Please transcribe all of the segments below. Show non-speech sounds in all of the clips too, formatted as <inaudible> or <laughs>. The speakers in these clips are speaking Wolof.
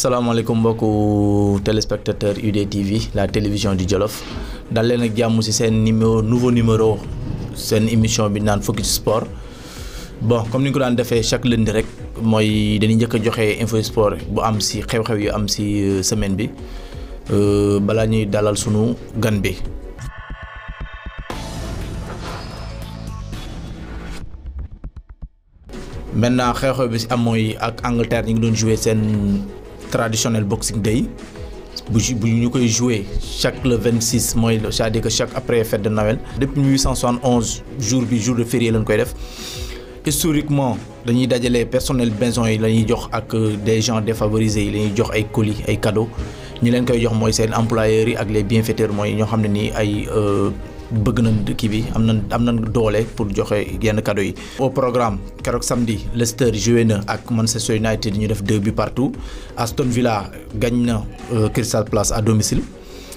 asalaamaaleykum mbokku téléspectateur UD TV la télévision du Jolof dal leen ak jàmm ci seen numéro nouveau numéro seen émission bi naan focus sport bon comme ni ko daan defee chaque lundi rek mooy dañuy njëkk a joxe info sport bu am ci xew-xew yu am ci euh, semaine bi euh, balaa ñuy dalal sunu gan bi. maintenant xew-xew bi am mooy ak Angleterre ñu ngi doon jouer seen traditionnel boxing day bu jouer chaque le 26 mois c'est-à-dire que chaque après fête de Noël. depuis 1871 jour jour de férié lañ koy historiquement dañuy personnels personnel besoin yi la euh, des gens défavorisés yi la jox colis cadeaux ñi leen des jox et des employeurs les bienfaiteurs Nous ñoo des bëgg nañ kii bi am nañ pour joxe yenn cadeau yi. au programme keroog samedi Leicester joué na ak Manchester United ñu def deux buts partout Aston Villa gagne na euh, Crystal Palace à domicile.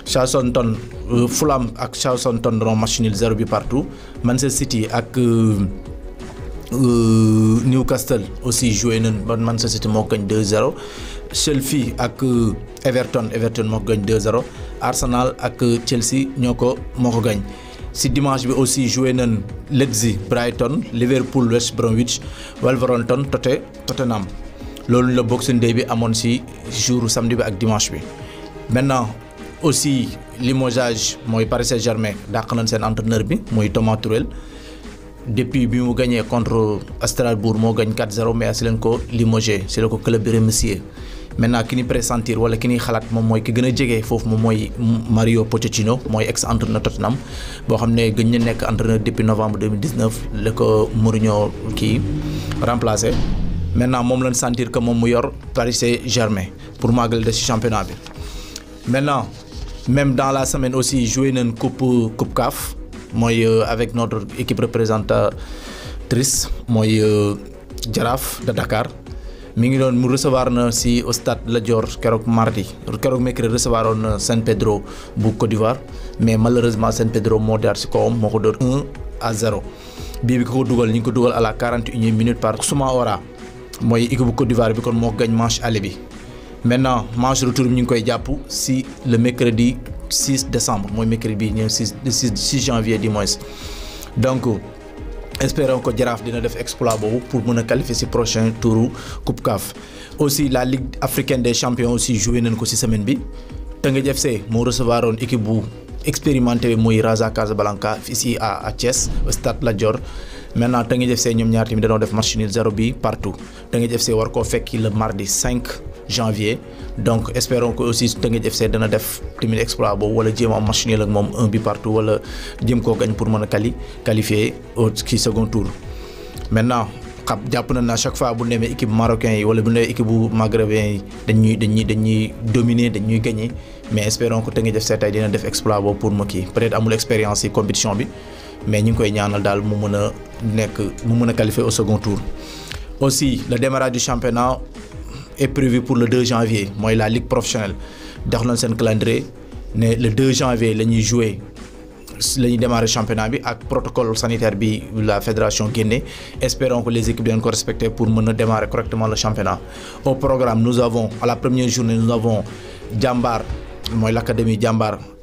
Southampton euh, Fulham ak Southampton doon match 0 zéro bi partout Manchester City ak euh, Newcastle aussi joué nañ Manchester City moo gañ 2-0. Chelsea ak euh, Everton Everton moo ko 2-0 Arsenal ak euh, Chelsea ñoo ko moo ko gañ si dimanche bi aussi joué nañ Leipzig Brighton Liverpool West Bromwich Wolverhampton Totte Tottenham loolu la Boxing Day bi amoon si jour samedi bi ak dimanche bi maintenant aussi limogeage mooy Paris Saint-Germain dàq nañ seen entraîneur bi muy Thomas tourel depuis bi mu gagné contre Strasbourg moo gañ 4-0 mais si leen ko limogé si la ko club bi Monsieur. maintenant ki ñuy pressentir wala ki ñuy xalaat moom mooy ki gën a jege foofu moom mooy Mario Pochettino mooy ex entraîneur Tottenham boo xam ne gën na nekk entraîneur depuis novembre 2019 la ko Mourinho kii remplacé maintenant moom lañ sentir que moom mu yor Paris Saint-Germain pour màggal de ci championnat bi maintenant même dans la semaine aussi joué nañ coupe coupe CAF mooy euh, avec notre équipe représentatrice mooy euh, Jaraaf de Dakar mi ngi doon mu recevoir na si au la Lat Dior keroog mardi keroog mercredi recevoir oon na San Pedro bu Côte d'Ivoire mais malheureusement San Pedro moo daal moo ko dóor à 0 bii bi ko dugal ñu ngi ko dugal la 41e minute par Soumaora mooy équipe bu Côte d'Ivoire bi kon moo gañ match aller bi maintenant match retour bi ñu ngi koy jàpp si le mercredi 6 décembre mooy mercredi bi ñëw 6 6 janvier du moins donc. espérons que Giraffe dina def exploit boobu pour mën qualifier ci prochain tour Coupe CAF aussi la Ligue africaine des champions aussi joué nañ ko ci semaine bi Teungueth FC nous recevoir une équipe bu expérimenté moy Raja Casablanca ici à Thiès au stade La Dior maintenant Teungueth FC ñom ñaar tim dañu def match nul zéro bi partout Teungueth FC war ko fekk le mardi 5 janvier donc espérons que aussi Teungueth FC dana def tamit exploit ou wala djema match nul ak mom un bi partout wala djem ko gagne pour meuna quali qualifier au second tour. maintenant xam japp na chaque fois bu neme équipe marocain yi wala bu neme équipe bu maghrébin yi dañuy dañuy dañuy dominer dañuy gagner mais espérons que Teungueth FC tey dina def exploit bo pour ma kii peut-être amul expérience et compétition bi mais ñu koy ñaanal dal mu meuna nek mu meuna qualifier au second tour. aussi le démarrage du championnat est prévu pour le 2 janvier Moi, la ligue professionnelle Dans Sen calendrier le 2 janvier nous ñuy jouer la championnat avec le protocole sanitaire de la fédération Guinée. espérons que les équipes soient respecter pour nous démarrer correctement le championnat au programme nous avons à la première journée nous avons Jambar moi, l'académie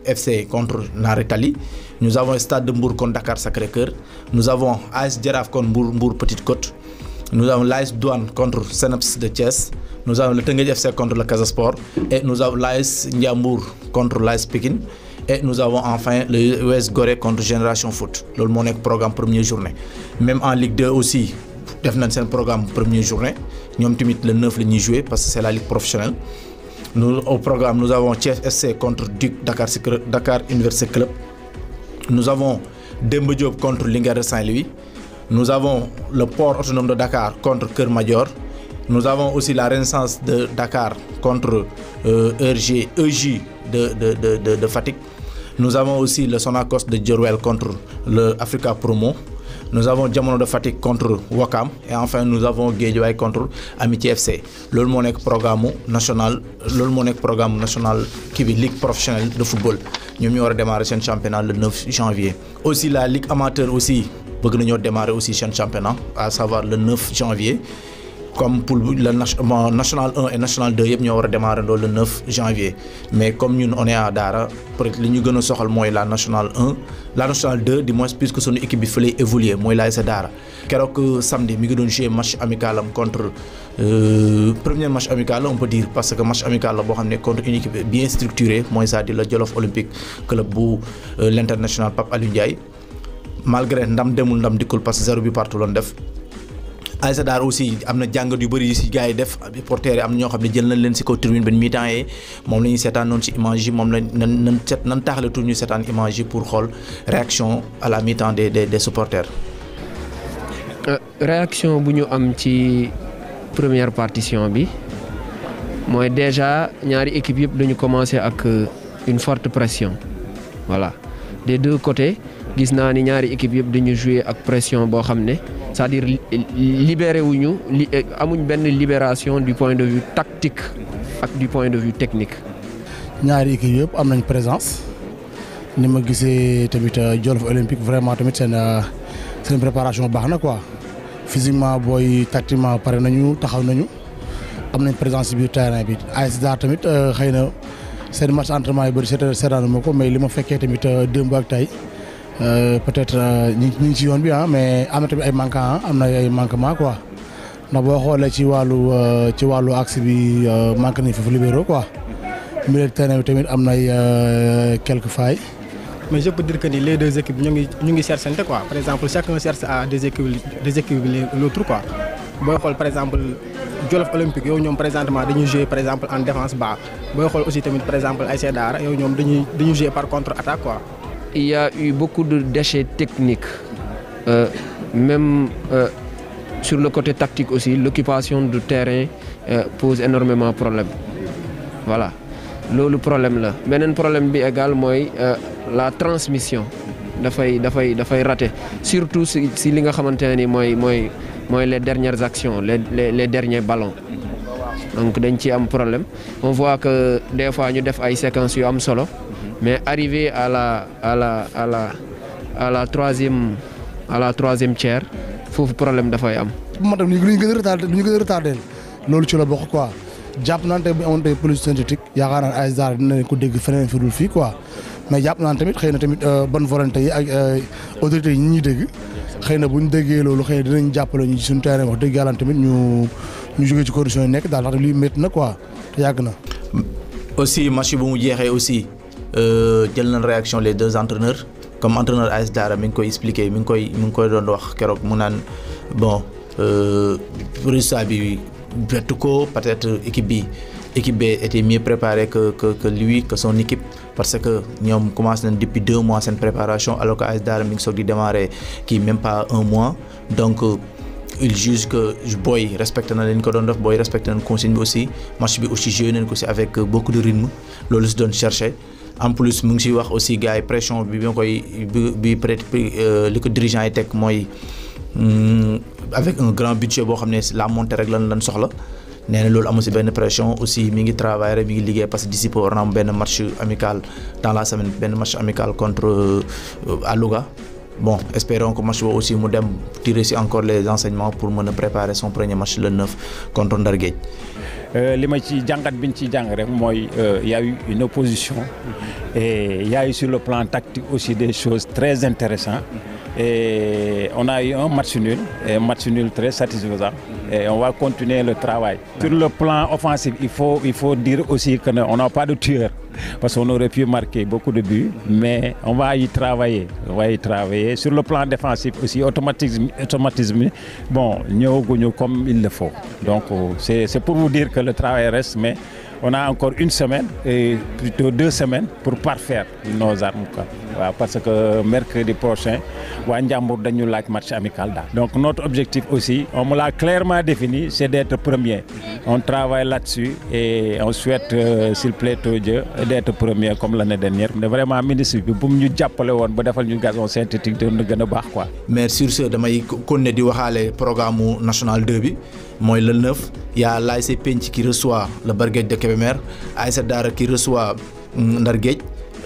FC contre Naretali. nous avons Stade de Mbour contre Dakar Sacré-Cœur nous avons AS Djeraf contre Mbour Petite Côte nous avons l'AS Douane contre Seneps de Thiès. Nous avons le Tengue FC contre le Casasport. Et nous avons l'AS Niamour contre l'AS Pékin. Et nous avons enfin le US Gorée contre Génération Foot. Le Monek programme première journée. Même en Ligue 2 aussi, le programme première journée Nous timit le 9 le jouer parce que c'est la ligue professionnelle nous au programme nous avons Thiès FC contre Duc Dakar Université Club nous avons Demba Diop contre Lingard Saint-Louis nous avons le port autonome de Dakar contre Major... Nous avons aussi la Renaissance de Dakar contre euh, RG, EJ de, de, de, Fatigue. Nous avons aussi le Sonacos de Jeruel contre le Africa Promo. Nous avons Diamond de Fatik contre Wakam. Et enfin, nous avons Guédiouaï contre Amitié FC. Le programme national, le programme national qui Ligue professionnelle de football. Nous avons démarré ce championnat le 9 janvier. Aussi, la Ligue amateur aussi nous avons démarré aussi le championnat à savoir le 9 janvier comme pour le national 1 et national 2 yëpp ñoo war démarrer le 9 janvier mais comme nous on est à Dara, peut être li ñu la national 1 la national 2 du moins puisque son équipe bi fa lay évoluer mooy laay sa Daara euh, samedi mi ngi doon jouer match amical contre contre euh, premier match amical on peut dire parce que match amical la boo contre une équipe bien structurée mooy c'est-à-dire le Jolof Olympique club bu euh, l'international international Pape Aliou Ndiaye malgré ndam demul ndam parce partout lon def Aïssa aussi yu def jël nañ tribune mi-temps pour réaction à la mi-temps des des supporters. Euh, réaction bu am ci première partition bi que déjà ñaari équipe yëpp commencer ak euh, une forte pression voilà des deux côtés gis naa ni ñaari équipe yëpp dañu jouer ak pression boo xam ne c'est-à-dire libéré wuñu li amuñ benn libération du point de vue tactique ak du point de vue technique. ñaari équipe yëpp am nañ présence ni ma gisee tamit euh, Jolof Olympique vraiment tamit seen euh, seen préparation baax na quoi physiquement booy tactiquement pare nañu taxaw nañu am nañ présence ci biir terrain bi AS Dakar tamit euh, xëy na seen match entraînement yi bëri c'est ma ko mais li ma fekkee tamit démb ak tey. Euh, peut-être euh, ñu ci yoon bi ah mais amna na tamit ay manquant ah, am na ay manquement quoi ndax boo xoolee ci walu euh, ci walu axe bi manque ni foofu libéraux quoi milieu terrain tamit amna nay quelques failles. mais je peux dire que les deux équipes ñu ngi ñu ngi quoi par exemple chacun cherche à des équipes des équipes l'autre quoi booy xol par exemple Jolof Olympique yow ñom présentement dañuy jouer par exemple en défense bas booy xol aussi tamit par exemple ASC Daara yow ñom dañuy dañuy jouer par contre attaque quoi il y a eu beaucoup de déchets techniques. Euh, même euh, sur le côté tactique aussi, l'occupation du terrain euh, pose énormément de problèmes. Voilà. le problème là. un problème également la transmission. Il surtout si vous li les dernières actions les derniers ballons donc y un problème on voit que des fois nous def des séquences sur solo mais arrivé à la, à la, à la, à la troisième à la troisième tiers problème fay am. ni ñu ci la bokk quoi synthétique ay ko fi mais tamit euh, volonté ak ñi euh, terrain wax tamit ñu ñu ci na aussi marché bu aussi. Euh, jël nañ réaction les deux entraîneurs comme entraîneur AS Daara mi ngi koy expliqué mi ngi koy mi ngi koy doon wax keroog mu naan bon euh, résultat bi bettu ko peut-être équipe bi équipe B était mieux préparée que que que lui que son équipe parce que ñoom commencé nañ depuis deux mois cette préparation alors que AS Daara mi démarré qui di démarrer même pas un mois donc. Euh, il juge que Boy respecte na leen ko Boy respecte nañ consigne aussi match bi aussi joué nañ ko avec beaucoup de rythme loolu si chercher en plus mu ngi wax aussi gars yi pression bi nga koy bi bi être euh, li ko dirigeant yi teg mooy mm, avec un grand budget boo xam ne la montée rek lan lan soxla nee na loolu amu si benn pression aussi mi ngi travailler rek mi ngi liggéey parce que d'ici peu war na am benn match amical dans la semaine benn match amical contre euh, à bon espérons que match boobu aussi mu dem tirer si encore les enseignements pour mën a préparer son premier match le 9 contre Ndar euh, il euh, y a eu une opposition et il y a eu sur le plan tactique aussi des choses très intéressantes et on a eu un match nul un match nul très satisfaisant et on va continuer le travail. Sur le plan offensif, il faut, il faut dire aussi que qu'on n'a pas de tueur parce qu'on aurait pu marquer beaucoup de buts, mais on va y travailler. On va y travailler. Sur le plan défensif aussi, automatisme, bon, nous, comme il le faut. Donc, euh, c'est pour vous dire que le travail reste, mais on a encore une semaine et plutôt deux semaines pour parfaire nos armes quoi parce que mercredi prochain on va dañu le match amical donc notre objectif aussi on me l'a clairement défini c'est d'être premier on travaille là-dessus et on souhaite euh, s'il plaît au Dieu d'être premier comme l'année dernière est vraiment ministre bi nous mu ñu jàppale woon ba gazon synthétique de na gën quoi mais sur ce damay kon ne le programme national 2 mooy le 9 il y a l'ASC Pench qui reçoit le barguet de Kébémer Aïssa Dara qui reçoit mm, Ndar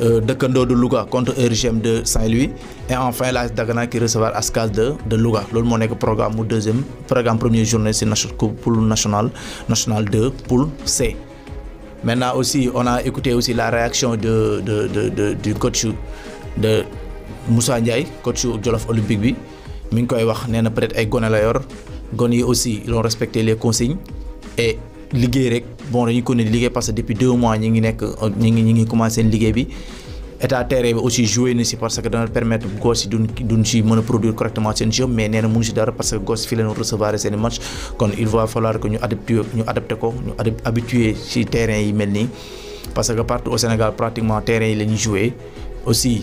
euh, de Kendo de Louga contre RGM de Saint-Louis et enfin la Dagana qui recevra ASCAS de de Louga loolu moo nekk programme deuxième programme première journée c'est si poule nationale nationale 2 poule C. Maintenant aussi on a écouté aussi la réaction de de de du coach de Moussa Ndiaye coach Jolof Olympique bi mi ngi koy wax nee peut-être ay gone la gone aussi ils ont respecté les consignes et liggéey rek bon dañuy continuer liggéey parce que depuis deux mois ñi ngi nek ñi ngi ñi ngi commencé seen bi état terrain bi aussi joué na ci parce que dañu permettre gossi ci duñ si ci a produire correctement seen jeu mais néna na mënu si dara parce que gossi fi leen recevoir ces matchs match kon il va falloir que ñu adapter ñu adapter ko ñu habituer ci terrain yi melni parce que partout au Sénégal pratiquement terrain yi lañu jouer joué aussi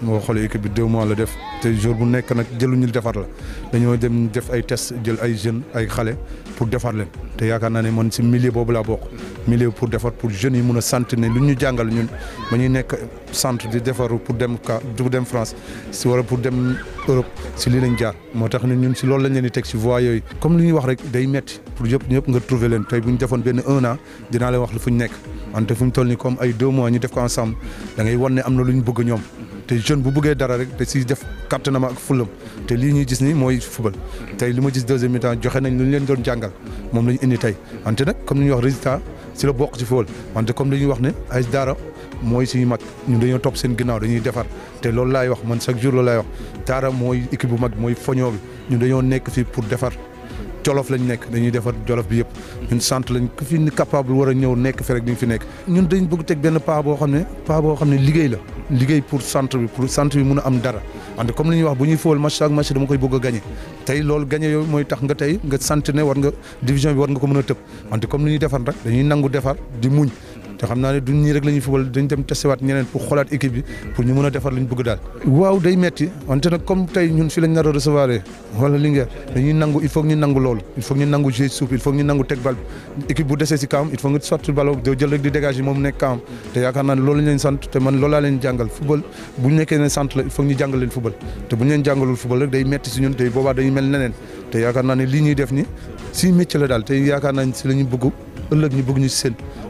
boo xoolee équipe bi deux la def te jour bu nekk nag jëluñu defar la dañoo dem def ay test jël ay jeunes ay xale pour defar leen te yaakaar naa ne man si milieu boobu laa bokk milieu pour defar pour jeunes yi mun a sant ne lu ñu jàngal ñun ba ñuy nekk centre di defaru pour dem ka pour dem France si wala pour dem Europe si lii lañ jaar moo tax ne ñun si lool lañ leen di teg si voie yooyu comme li ñuy wax rek day metti pour yëpp ñëpp nga trouver leen ñu defoon benn un an dinaa leen fu ñu nekk wante fu ñu toll nii comme ay deux mois ñu def ko ensemble da ngay ne am na lu ñu bëgg ñoom te jeune bu bëggee dara rek te si def kattanam ak fulam te lii ñuy gis ni mooy football tey li ma gis deuxième mi-temps joxe nañ lu ñu leen doon jàngal moom la ñu indi tey wante nag comme li ñuy wax résultat si la bokk ci football wante comme li ñuy wax ne ay daara mooy suñu mag ñun dañoo topp seen ginnaaw dañuy defar te loolu laay wax man chaque jour loolu laay wax daara mooy équipe bu mag mooy foñoo bi ñun dañoo nekk fii pour defar jolof lañ nekk dañuy defar jolof bi yëpp ñun sant lañ ku fi ni capable war a ñëw nekk fi rek fi nekk ñun dañ bëgg teg benn pas boo xam ne pas boo xam ne liggéey la liggéey pour centre bi pour centre bi mun am dara wante comme li ñuy wax bu ñuy fóol match ak match dama koy bëgg a gagné tey loolu gagné yooyu mooy tax nga tey nga sant ne war nga division bi war nga ko mën a tëb wante comme li ñuy defar rek dañuy nangu defar di muñ te xam naa ne duñ ñii rek la ñuy fubal dañ dem testé waat ñeneen pour xoolaat équipe bi pour ñu mën a defar li ñu bëgg daal waaw day metti wante comme tey ñun fi lañ nar a recevoir wala li il faut ñu nangu loolu il faut ñu nangu jeu suuf il faut ñu nangu teg bal bi équipe bu desee si kaam il faut nga sotti bal doo jël rek di dégager moom nekk kaam te yaakaar naa ne loolu lañ leen sant te man loolu laa jàngal football bu nekkee ne sant la il faut ñu jàngal leen football te bu ñu naa ne lii ñuy def ni si métier daal te yaakaar naa si la ñu bëgg ëllëg ñu bëgg ñu seen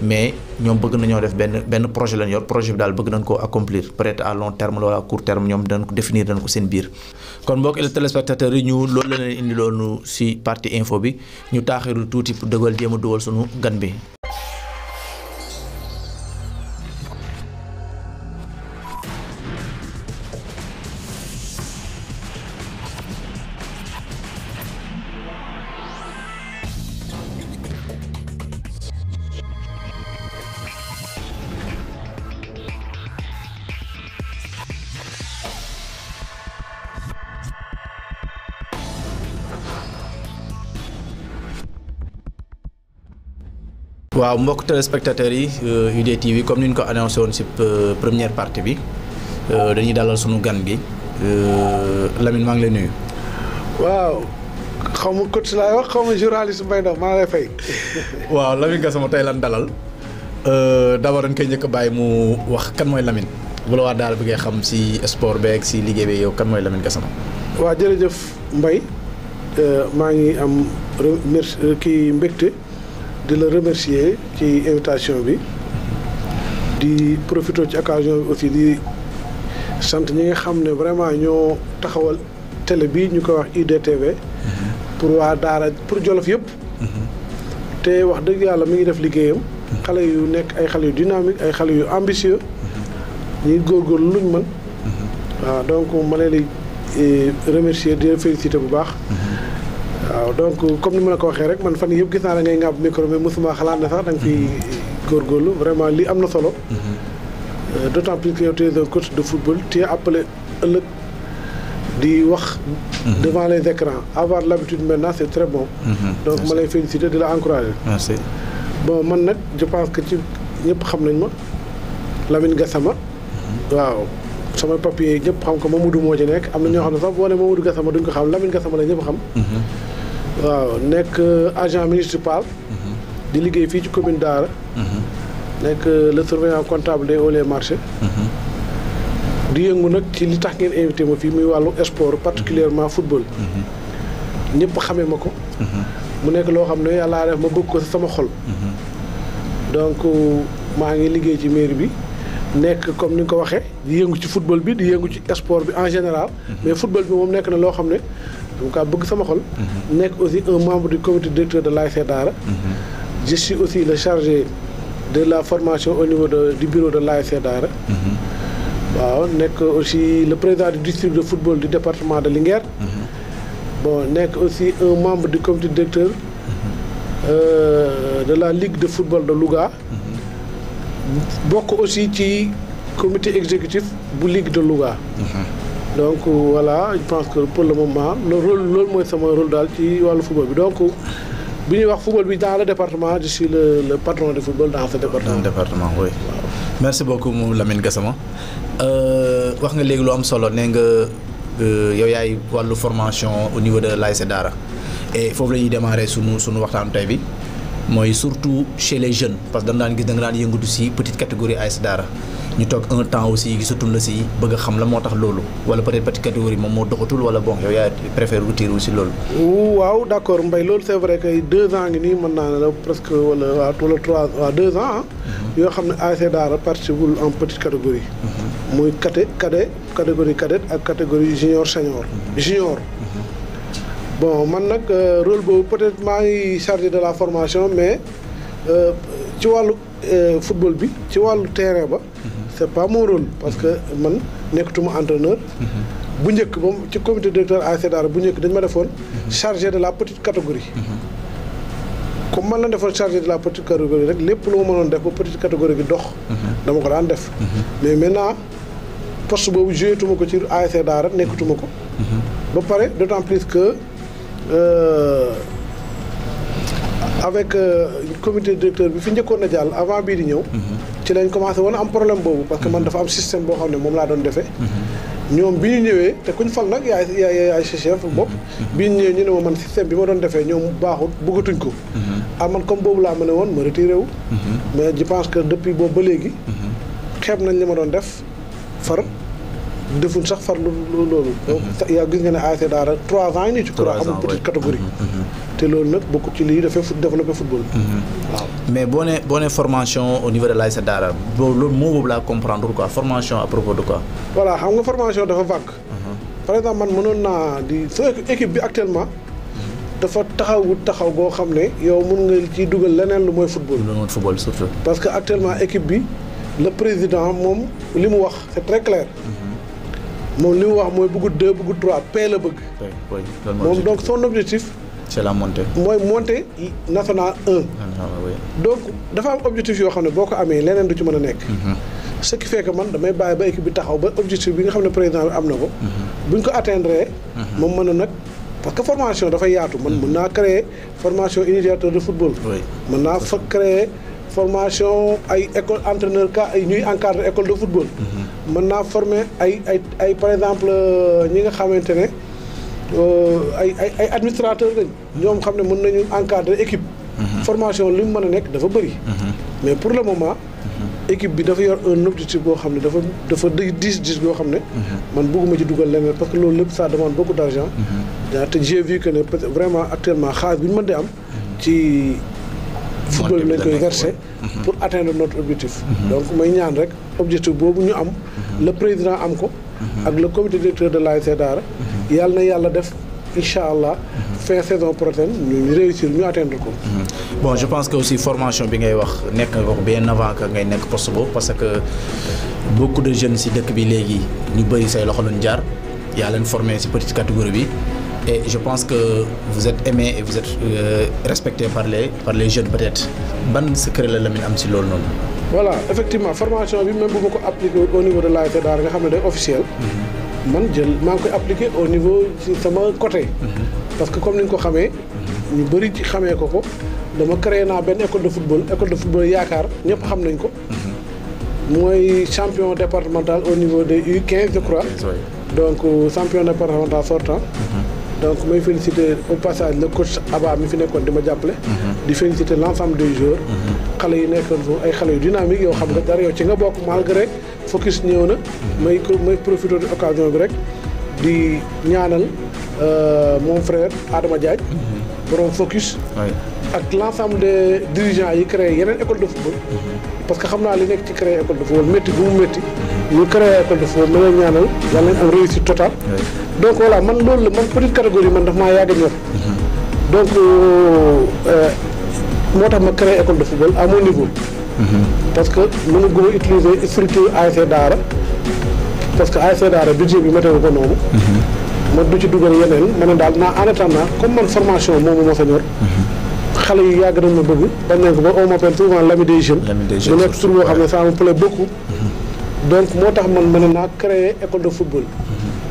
mais ñoom bëgg nañoo def benn benn projet lañ yor projet bi daal bëgg nañ ko accomplir peut-être à long terme wala à court terme ñoom dañ ko définir seen biir. kon mbokk téléspectateurs yi ñu loolu la leen indi loonu ci partie info bi ñu taaxiru tuuti pour dëggal jéem a dugal sunu gan bi. Eh, eh, eh, wow, mbok téléspectateurs yi UD TV comme niñ ko annoncé won si première partie bi dañuy dalal sunu gan euh Lamine maa ngi lay nuyu. waaw xaw ko ci laay wax xaw journaliste Mbaye Ndaw ma lay fay. waaw Lamine sama tay lan dalal d'abord dañ koy ñëk a mu wax kan moy Lamine bu la wax dal bi ngay xam si sport beeg si liggéey bi yow kan moy Lamine Gassama. waaw jërëjëf euh ma ngi am ki kii mbégte. di la remercier ci invitation bi di profité ci occasion bi aussi di sant ñi nga xam ne vraiment ñoo taxawal télé bi ñu koy wax IDTV. pour waa Daara pour Jolof yëpp. te wax dëgg yàlla mi ngi def liggéeyam. xale yu nekk ay xale yu dynamique ay xale yu ambitieux. ñuy góorgóorlu luñ mën. waaw donc ma leen di eh, remercier di leen féliciter bu baax. waaw donc comme ni ma la ko waxee rek man fan yëpp gis naa la ngay ngàbb micro mais mosuma xalaat ne sax da nga fiy góorgóorlu vraiment lii am na solo. Euh, d' autant plus que yow tu es un coach de football tu es ëllëg di wax. Mhm. devant les écrans avoir l' habitude maintenant c' très bon. Mhm. donc ma lay féliciter di la encourager. merci bon man nag je pense que ci ñëpp xam nañ ma Lamine Gassama. Mhm. waaw sama papier ñëpp xam ko Mamadou moo ci nekk am na ñoo xam ne sax boo nee Mamadou la xam. waaw nekk euh, agent municipal. Mhm. di liggéey fii ci commune Daara. Mhm. nekk euh, le surveillant comptable des hauts marchés. Mhm. di yëngu nag ci li tax ngeen invité ma fii muy wàllu sport particulièrement football. ñëpp xamee ma ko. mu nekk loo xam ne yàlla def ma bëgg ko sama xol. donc maa ngi liggéey ci mairie bi nekk comme ni nga ko waxee di yëngu ci football bi di yëngu ci sport bi en général. mais football bi moom nekk na loo xam ne aussi un membre du comité directeur de e je suis aussi le chargé de la formation au niveau du bureau de la Je suis aussi le président du district de football du département de l'INGER. bon suis aussi un membre du comité directeur. Euh, de la ligue de football de Louga. suis aussi ci comité exécutif de la ligue de Louga donc euh, voilà je pense que pour le moment le rôle mon rôle dans le football donc football dans le département je suis le patron de football dans ce département. dans merci beaucoup Gassama euh, wax nga am solo euh, formation au niveau de e et et faut la démarrer sunu sunu bi. mooy surtout chez les jeunes parce que dañ daan gis da nga daan yëngatu si petite catégorie AS Daara ñu toog un temps aussi gisatuñ la si bëgg xam la moo tax loolu wala peut-être moom moo doxatul wala bon yow yaa préfère retirer aussi loolu. waaw d'accord Mbaye loolu c'est vrai que deux ans ngi nii mën naa ne la presque wala waa wala trois waa deux ans ah. mhm. yoo xam ne AS Daara participe wul en petite catégorie. mooy mhm. cadet cadet catégorie cadette ak catégorie junior senior. Mhm. junior. bon man nag euh, rôle boobu peut-être maa ngi chargé de la formation mais euh, ci wàllu euh, football bi ci wàllu terrain ba. Mhm. c'est pas mon rôle parce que man nekkatuma entraîneur. Mhm. bu njëkk moom ci comité directeur ASC Daara bu njëkk dañ ma defoon. Mhm. chargé de la petite catégorie. comme man la defoon chargé de la petite catégorie rek lépp loo ma mënoon def ba petite catégorie bi dox. dama ko daan def. mais maintenant post boobu joué ko ci ASC Daara nekkatuma ko. avec euh, comité directeur bi fi njëkkoon na jàll avant bii di ñëw. ci lañ commencé woon am problème boobu. parce que man dafa am système boo xam ne moom laa doon defee. ñoom bi ñu ñëwee te kuñ fal nag yaay yaay yaay chef bopp. bi ñu ñëwee ñu ne ma man système bi ma doon defee ñoom baaxut bëggatuñ ko. ah man comme boobu laa ma ne woon ma retiré wu. mais je pense que depuis boobu ba léegi. xeeb nañ li ma doon def far. defuñ sax far lu loolu. Mhm. yaa gis nga ne ASC Daara trois ans yi nii. trois ans je crois amul petite catégorie. Mhm, mhm, te loolu nag bokkul ci lii dafay développé football. mais boo nee formation au niveau de l'AS Dara le mot moo boobu comprendre quoi formation à propos de quoi. voilà xam nga formation dafa vague. par exemple man mënoon naa di sa équipe bi actuellement. dafa taxawut taxaw goo xam ne yow mun nga ci dugal leneen lu mooy football. lu mooy football surtout. parce que actuellement équipe bi le président moom li wax c'est très clair mon niveau mu wax bëggu deux bëggu trois paix la bëgg. donc son objectif. c'est la montée. moi montée nationale 1. Ah, ah, donc dafa am objectif yoo xam ne boo ko amee leneen du ci mën a mhm. ce qui fait que man damay bàyyi ba équipe bi taxaw ba objectif bi nga xam président bi am na ko. Mhm. ko atteindre. Mhm. moom mën parce que formation dafay yaatu. man mon naa créer formation initiateur de football. mon naa fa créer. formation ay école entraîneur ka ay ñuy encadrer école de football. Mm-hmm. mën naa former ay ay ay par exemple euh, ñi nga xamante ne euh, ay ay ay administrateur lañ ñoom xam ne mën nañu encadrer équipe. Mm-hmm. formation li mu mën a nekk dafa bëri. Mm-hmm. mais pour le moment. équipe bi dafa yor un objectif boo xam ne dafa dafa diis diis boo xam ne. man bëgguma ci dugal leneen parce que loolu lépp ça demande beaucoup d' argent. te j'ai vu que ne peut vraiment actuellement xaalis bi ñu mën di am ci. football lañ koy versé pour atteindre notre objectif mhm. donc may ñaan rek objectif boobu ñu am mhm. le président am ko mhm. ak le comité directeur de l'ASC Daara yàlla na yàlla def incha allah fin saison prochaine ñu réussir ñu atteindre ko. bon je pense que aussi formation bi ngay wax nekk nga wax bien avant que ngay nekk poste boobu parce que beaucoup de jeunes si dëkk bi léegi ñu bëri say loxo lañ jaar yaa leen formé si petite catégorie bi. Et je pense que vous êtes aimé et vous êtes euh, respecté par les, par les jeunes peut-être. Ban secret la Voilà, effectivement formation bi même bu au niveau de la FEDAR nga xamné day officiel. Mhm. Man jël ma koy appliquer au niveau de sama côté. Mhm. Parce que comme nous ko xamé nous mhm. bari xamé ko ko dama créé une ben école de football école de football yakar ñepp xam nañ ko. Moi, champion départemental au niveau de U15 je crois. donc euh, champion départemental sortant. donc may féliciter au passage le coach Aba mi fi nekkoon di ma jàppale. Mhm. di féliciter l' ensemble des joueurs. Mhm. xale yi nekkoon foofu ay xale yu dynamique yow xam nga dara yow ci nga bokk malgré focus ñëw na. Mhm. may ko may profité de occasion bi rek di ñaanal euh, mon frère Adama Diagne. borom focus. ak l' ensemble des dirigeants yi créé yeneen école de football. parce que xam naa li nekk ci créé école de football métti bu mu métti. ñu créé école de football ma lay ñaanal yàlla donc voilà man loolu la man petite catégorie man daf maa yàgg a ñor. donc euh, moo tax ma créé école de football à que nu ma gën a utiliser structure ASC Daara parce que ASC Daara budget bi météo ko noonu. ma du ci dugal yeneen ma daal naa en attendant comme man formation moomu ma sa ñor. yàgg nañ ma bëgg. dañ nañ ko ba des jeunes. l'ami nekk tur boo xam ne ça me plaît beaucoup. Mm-hmm. moo tax man ma naa créé école de football.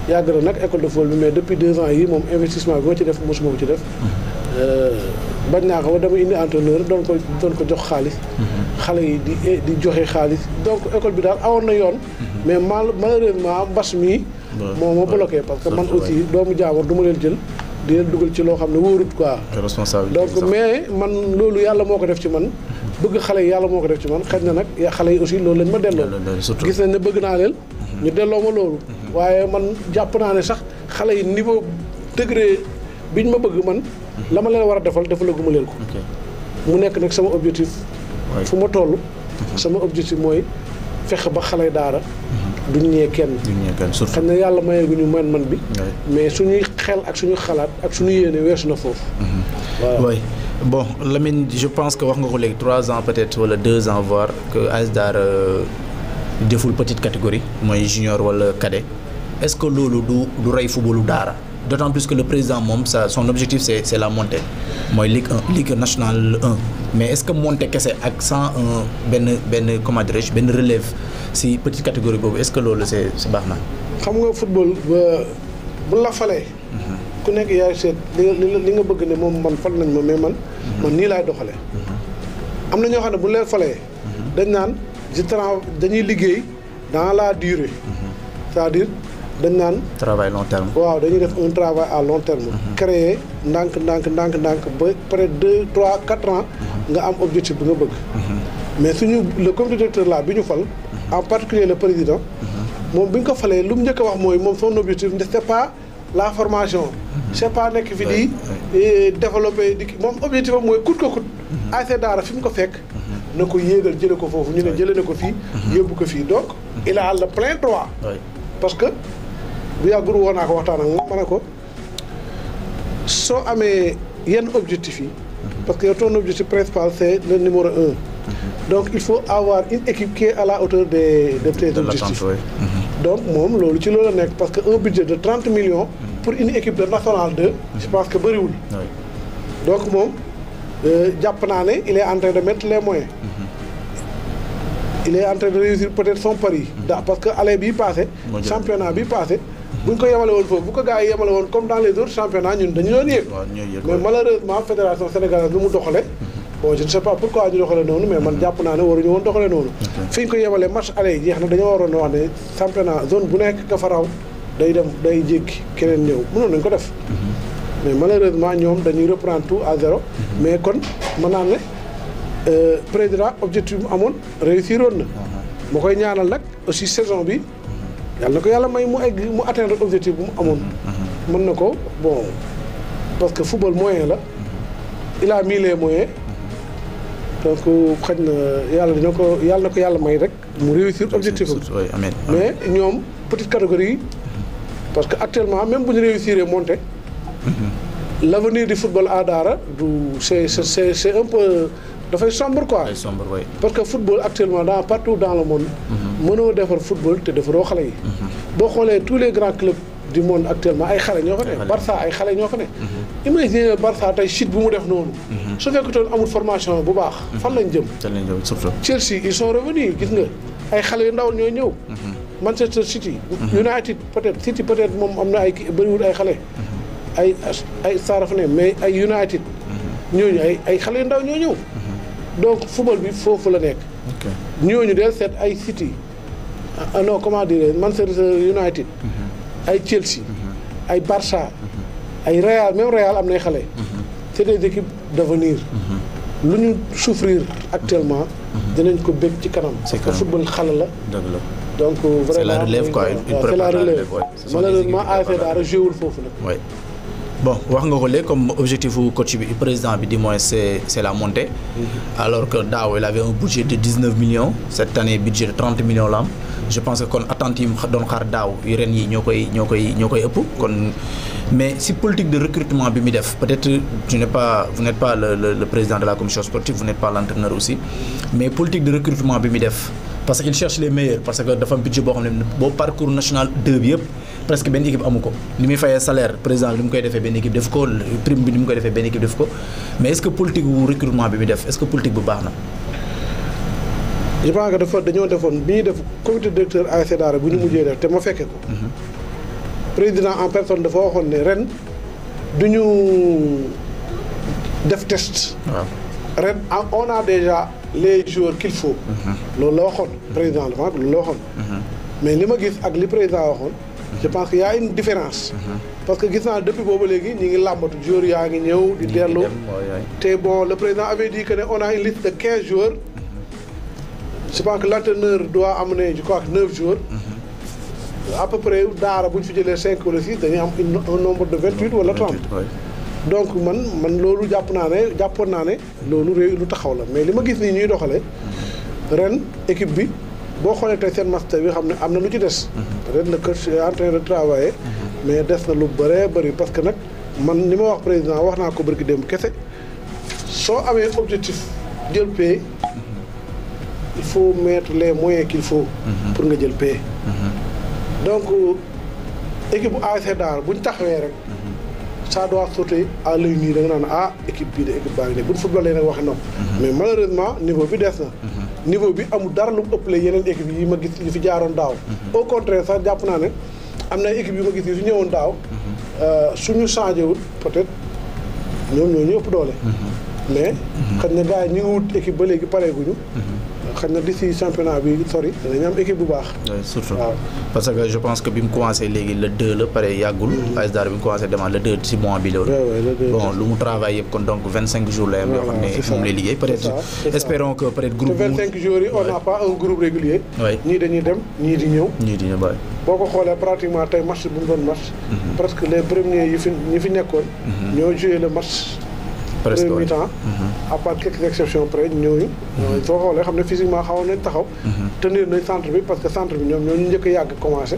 yàgg na nag école de football bi mais depuis deux ans yi moom investissement bi ma ci def mosuma ko ci def. Euh, bañ naa ko ba dama indi entraîneur doon ko doon ko jox xaalis. xale yi di eh, di joxe xaalis donc école bi daal awoon na yoon. mais mal malheureusement mbas mii. moom moo bloqué parce que man aussi doomu jaamur du ma leen jël. di dugal ci loo xam ne wóorut quoi. donc mais man loolu yàlla moo ko def ci man. bëgg xale yi yàlla moo ko def ci man xëy na nag xale ne bëgg naa leen. ñu delloo ma loolu. waaye man jàpp naa ne sax xale yi niveau degré biñ ma bëgg man. la ma leen war a defal defalaguma leen ko. mu nekk nag sama objectif. fu ma toll. Mhm. sama objectif mooy fexe ba xale daara. Mhm. duñ ñee kenn. xam ne yàlla ñu man man bi. mais suñuy xel ak suñu xalaat ak suñu yéene weesu na foofu. Mhm. waaw bon Lamine je pense que wax nga ko léegi 3 ans peut-être wala 2 ans voire que ASDAR. Euh, deful petite catégorie mooy junior wala cadet est-ce que le du du football footballu d'ara? d'autant plus que le président Mom, sa son objectif c'est c'est la montée mooy ligue 1 ligue nationale 1 mais est-ce que montée que c'est accent un ben ben comment dirais-je relève si petite catégorie est-ce que le c'est c'est baax na. Comme nga football ba bu la falee. ku nekk yaay seet li nga li nga bëgg ne moom man fal nañ ma mais man. man nii laay doxalee. Mhm. am na ñoo xam ne bu leen mhm. dañ je dañuy liggéey dans la durée. c'est-à-dire dañ naan. travail long terme. waaw dañuy def un travail à long terme. Mhm. créer ndànk ndànk ndànk ndànk ba près deux trois quatre ans. Mhm. nga am objectif bi nga bëgg. Mhm. mais suñu le comité directeur là bi ñu fal. en particulier le président. moom bi ñu ko falee lu mu njëkk a wax mooy moom son objectif ne c'est pas la formation. c'est pas nekk fi di développer di moom objectif am mooy coûte que coûte. ASC Daara fi mu ko fekk na ko yéegal jële ko foofu ñu né jëlé ko fii mhm. ko fi donc mhm. il a le plein droit parce que bu ya guru naa ko waxtaan ak moom ma ne ko soo amee yenn objectif yi mhm. parce que ton objectif principal c'est le numéro un donc il faut avoir une équipe qui est à la hauteur des des tes objectifs donc mom lolu ci lolu nek parce que un budget de 30 millions pour une équipe de nationale 2 je pense que wul donc mom Euh, jàpp naa ne il est en de mettre les moyens. il est en train de réussir peut son pari. da parce que aller bii passé. championnat bi passé. bu ñu ko yemale woon foofu bu ko gars yi yemale woon comme dans les autres championnats ñun dañu doon yéeg. mais malheureusement fédération sénégalaise lu mu doxale bon je ne sais pas pourquoi ñu doxale noonu mais man jàpp naa ne waruñu woon doxale noonu. fi ñu ko yemale match aller yi jeex na dañoo waroon wax ne championnat zone bu nekk ka fa dem day jékki keneen ñëw mënoon nañu ko def. Mhm. mais malheureusement ñoom dañuy reprendre tout à zéro mais kon mën naa euh, président objectif mu amoon réussir woon na ma koy ñaanal nag aussi saison bi yàlla na ko yàlla may mu egg mu atteindre objectif bu mu amoon mën na ko bon parce que football moyen la il a mis les moyens xaj na yàlla dina ko yàlla na ko yàlla may rek mu réussir objectif mais ñoom petite catégorie parce que actuellement même bu ñu réussir monter Mhm. l'avenir du football à Dara c'est un peu Il sombre quoi. sombre oui. parce que le football actuellement partout dans le monde. Mhm. faire du football te devrais Si on tous les grands clubs du monde actuellement ay Barça ay ko mhm. imagine Barça tey que bu formation bu Chelsea ils sont revenus nga ay Manchester City. United peut-être City peut-être il y ay أي أي صارفني مي أي يونايتد نيو أي أي خلينا نيو نيو دونك فوبل بي فو فلانيك نيو نيو ديال سيت أي سيتي أنا كما ديري مانشستر يونايتد أي تشيلسي أي بارسا أي ريال ميم ريال أم نيخالي سيت دي كيب دافونير لو نيو سوفرير اكتيلمون دينن كو بيك تي كانام باسكو فوتبول خالا لا دونك فريمون سي لا ريليف كو اي بريبار لا ريليف مالوريسمون افي دار جيول فوفو نك bon comme objectif pour coach président c'est la montée. Mm-hmm. alors que DAO il avait un budget de 19 millions cette année budget de 30 millions je pense qu'on attend attentive yi mais si politique de recrutement peut-être tu pas vous n'êtes pas le, président de la commission sportive vous n'êtes pas l'entraîneur aussi mais politique de recrutement bi parce qu'il cherche les meilleurs parce que dafa budget parcours national de bi presque benn équipe amu ko ni muy fayee salaire président bi mu koy defee benn équipe def ko prime bi ni mu koy defee benn équipe def ko mais est-ce que politique wu recrutement bi mu def est-ce que politique bu baax na. je pense dafa dañoo defoon bi ñuy def comité directeur ASC Daara bu ñu mujjee def te ma mhm. président en personne dafa waxoon ne ren ñu def test. waaw ren ah, on a déjà les joueurs qu'il faut. Mhm. loolu la waxoon président la loolu la waxoon. Mhm. mais li ma gis ak li président waxoon. je pense que y' a différence. parce que gis naa depuis boobu léegi ñi ngi làmbatu joueurs yaa ngi ñëw. di dellu te bon le président avait dit que ne on a une liste je pense que l' entraîneur doit amener je crois neuf joueurs. à peu près daara bu ñu fi jëlee cinq wala six dañuy am un nombre de vingt huit wala trente. donc man man loolu jàpp naa ne jàppoon naa ne. loolu réew lu taxaw la mais li ma gis nii ñuy doxalee. ren équipe bi. boo xoolee tey seen master bi xam ne am na lu ci des. peut na nag que je suis mais des na lu bëree bari parce que nag man ni ma wax président wax naa ko bërki démb kese soo amee objectif jël paie mhm. il faut mettre les moyens qu'il faut. Mhm. pour nga jël paie. Mhm. donc équipe bu ASC Daara bu ñu taxawee rek. ça doit sauter à l'œil nu da nga naan ah équipe bii de équipe baa ngi nii bu ñu footballee nag waxi noonu. mais malheureusement niveau bi des na. niveau bi amul dara lu ëpp ëppalee yeneen équipe yi ma gis yi fi jaaroon daaw. Mhm. au contraire sax jàpp naa ne am na équipe yi ma gis yi fi ñëwoon daaw. Mhm. Euh, suñu changé wul peut-être ñoom ñoo ñu ëpp doole. Mhm. mais xam ne gars yi ñu ngi wut équipe ba léegi pareeguñu. xëy na d'ici championnat bi sori dañ am équipe bu baax. surtout parce que je pense que bi mu commencé légui le 2 la pare yagoul AS mm. dar bi mu commencé demaat le 2 ci mois bi la bon lu mu travail kon donc 25 jours la yam yoo xam ne lay liggéey peut être. espérons que peut être groupe. 25 jours on n'a pas un groupe régulier. ni dañuy dem ni di ñëw. ñii di ñëw waaye. boo ko pratiquement tay match bu mu doon match. Mm-hmm. presque les premiers yi fi ñi fi nekkoon. Mm-hmm. ñoo joué le match. presque huit ans à part quelques exceptions près mhm. ñooñu soo xoolee xam ne physiquement xawoon nañ taxaw mhm. tenir nañ centre bi parce que centre bi ñoom ñoo ñu njëkk a yàgg commencé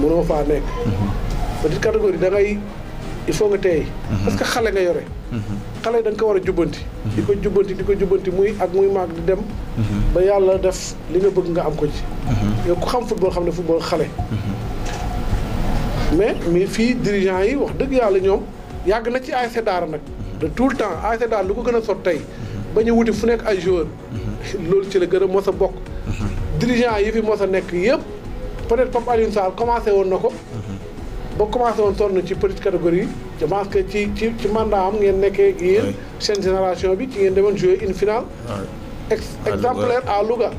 mënoo faa nekk. petite catégorie da ngay il faut nga teey parce que xale nga yore. xale da ko war a jubbanti. di ko jubbanti di ko jubbanti muy ak muy maag di dem. ba yàlla def li nga bëgg nga am ko ci. yow ku xam football xam ne football xale. mais mais fii dirigeant yi wax dëgg yàlla ñoom yàgg na ci ASC Daara nag. de tout le temps ASC Daara lu ko gën a sot tey. ba ñu wuti fu nekk ay joueurs. Mhm. loolu ci la gën a mos a bokk. Mhm. dirigeant yi fi mos a nekk yëpp. peut-être Pape Alioune Sarr commencé woon na ko. Mhm. boo commencé woon sonn ci petite catégorie je pense que ci ci ci mandat am ngeen nekkee yéen seen génération bi ci ngeen demoon jouer une finale exemplaire à Louga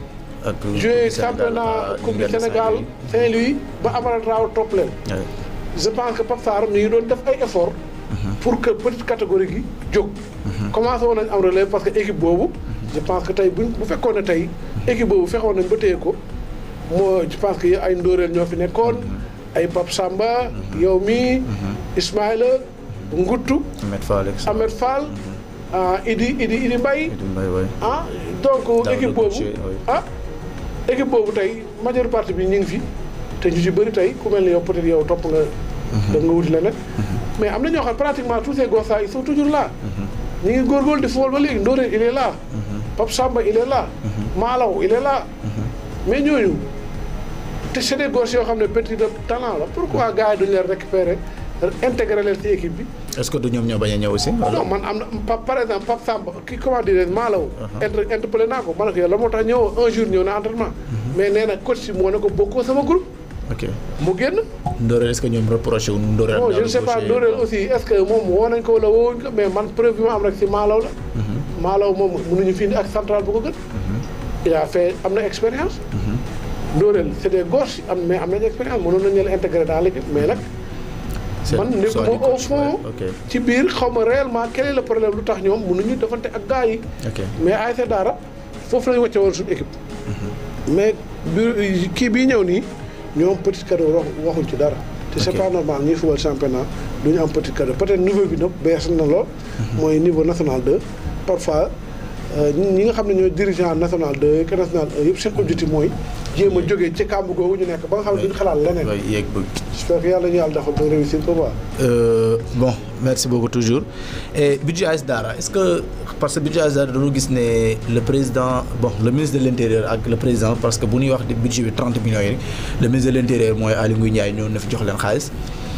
jouer na coupe du Sénégal Saint-Louis ba Amara Traoré topp leen je pense que saar Sarr mi ngi doon def ay effort mhm. pour que petite catégorie gi jóg mhm. commencé woon nañ am relève parce que équipe boobu je pense que tey buñ bu fekkoon ne tey équipe boobu fekkoon nañ ba téye ko moo je pense que ay ndóoreel ñoo fi nekkoon mm-hmm. ay Pape Samba mm-hmm. yow mi mm-hmm. Ismaïla Nguttu Ahmed Fall ah Idi Idi Idi Mbaye ah donc équipe boobu ah équipe boobu tey majeure partie bi ñu ngi fi te ñu ci bëri tey ku mel ni yow peut-être yow topp nga da nga wuti mais am na ñoo xam pratiquement tous ces gosses là ils sont toujours là ñu ngi góorgóorlu di football ba léegi Ndoré il est là Pape Samba il est la Malaw il mais ñooñu te c'est des gosses yoo xam ne petit de talent la pourquoi gars yi duñu leen récupérer intégrer leen ci bi. est-ce que du ñoom ñoo bañ ñëw aussi. non man am na par exemple Pape Samba ki comment dire Malaw. Uh-huh. inter interpellé naa ko ma ne ko yow la moo tax ñëw un jour ñëw na entraînement. Uh-huh. mais nee na coach moo ne ko bokkoo sama groupe. ok mu génn. Ndoré est-ce que ñoom reproché wu Ndoré. non je ne sais pas Ndoré aussi est-ce que moom woo nañ ko wala woowuñ mais man preuve bi ma am rek ci Malaw la. Uh-huh. Malaw moom mënuñu fi indi ak central bu ko gën. il a fait am na expérience. dóoreel c' est des am mais am nañu expérience mënoon nañu leen intégrer dans l' équipe mais nag. man nekkuma au fond ci biir xaw ma réellement quel est problème lu tax ñoom mënuñu defante ak gars yi. mais ASC Daara foofu la ñu wàcce woon suñu mm-hmm. mais bi kii bii ñëw nii ñoom petit cadeau wax waxuñ ci dara. te c' est pas normal ñuy fubal championnat du ñu am petit cadeau peut être niveau bi bee bees na lool. Mm-hmm. mooy niveau national de parfois. Euh, ñi nga xam ne ñooy dirigeant national de équipe nationale yëpp seen objectif mooy jéem a jógee ci kàmb googu ñu nekk ba nga xam ne duñu xalaat leneen. waay yeeg bëgg. j'espère que yàlla ñu yàlla defal ba réussir ko quoi. Euh, bon merci beaucoup toujours et budget AS Daara est-ce que parce que budget AS Daara dañoo gis ne le président bon le ministre de l'intérieur ak le président parce que bu ñuy wax budget bi 30 millions yi le ministre de l'intérieur mooy Aly Ngouille Ndiaye ñoo na fi jox leen xaalis.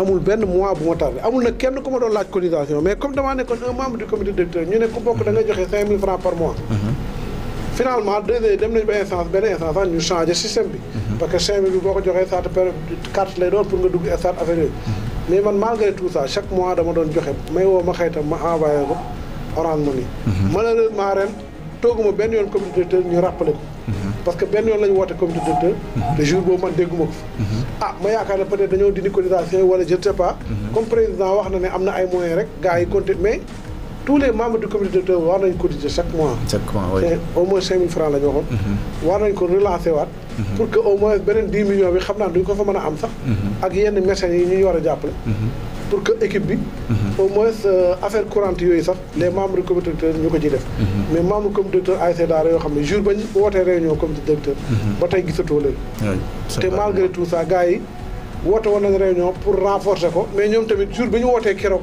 amul benn mois bu ma tardé amul nag kenn ku ma doon laaj cotisation mais comme damaa nekkoon un membre du comité directeur ñu ne ku bokk da nga joxe 5000 francs par mois. Mhm. finalement deux ans dem nañu ba instance benn instance sax ñu changé système bi. Mhm. parce que 5000 bi boo ko joxee saa te carte lay doon pour nga dugg stade affaire yooyu. Mhm. mais man malgré tout ça chaque mois dama doon joxe may woo ma xëy tam ma envoyé ko Orange m malheureusement ren benn yoon comité directeur parce que benn yoon la ñu woote comité directeur mhm. te jour boobu man dégguma ko mhm. ah, ma yaakaar ne peut-être dañoo dindi cotisation wala je ne pas mhm. comme président wax na ne am na ay moyens rek gars yi compté mais tous les membres du comité directeur war nañ cotiser chaque mois. chaque mois oui au moins 5000 francs la ñu waxoon. Mhm. war nañ ko relancer waat. Mhm. pour que au moins beneen 10 millions bi xam naa duñ ko fa mën a am sax. Mhm. ak yenn mécènes yi ñuy war a jàppale. pour que équipe bi. au mois euh, affaire courante yooyu sax les membres du comité directeur ñu ko ci def. mais membre du comité directeur ASC Daara yoo xam ne jour ba ñu wootee réunion comité directeur. ba tey gisatoo leen. te malgré tout ça gars yi woote woon nañ pour renforcer ko mais ñoom tamit jour bi ñu wootee keroog.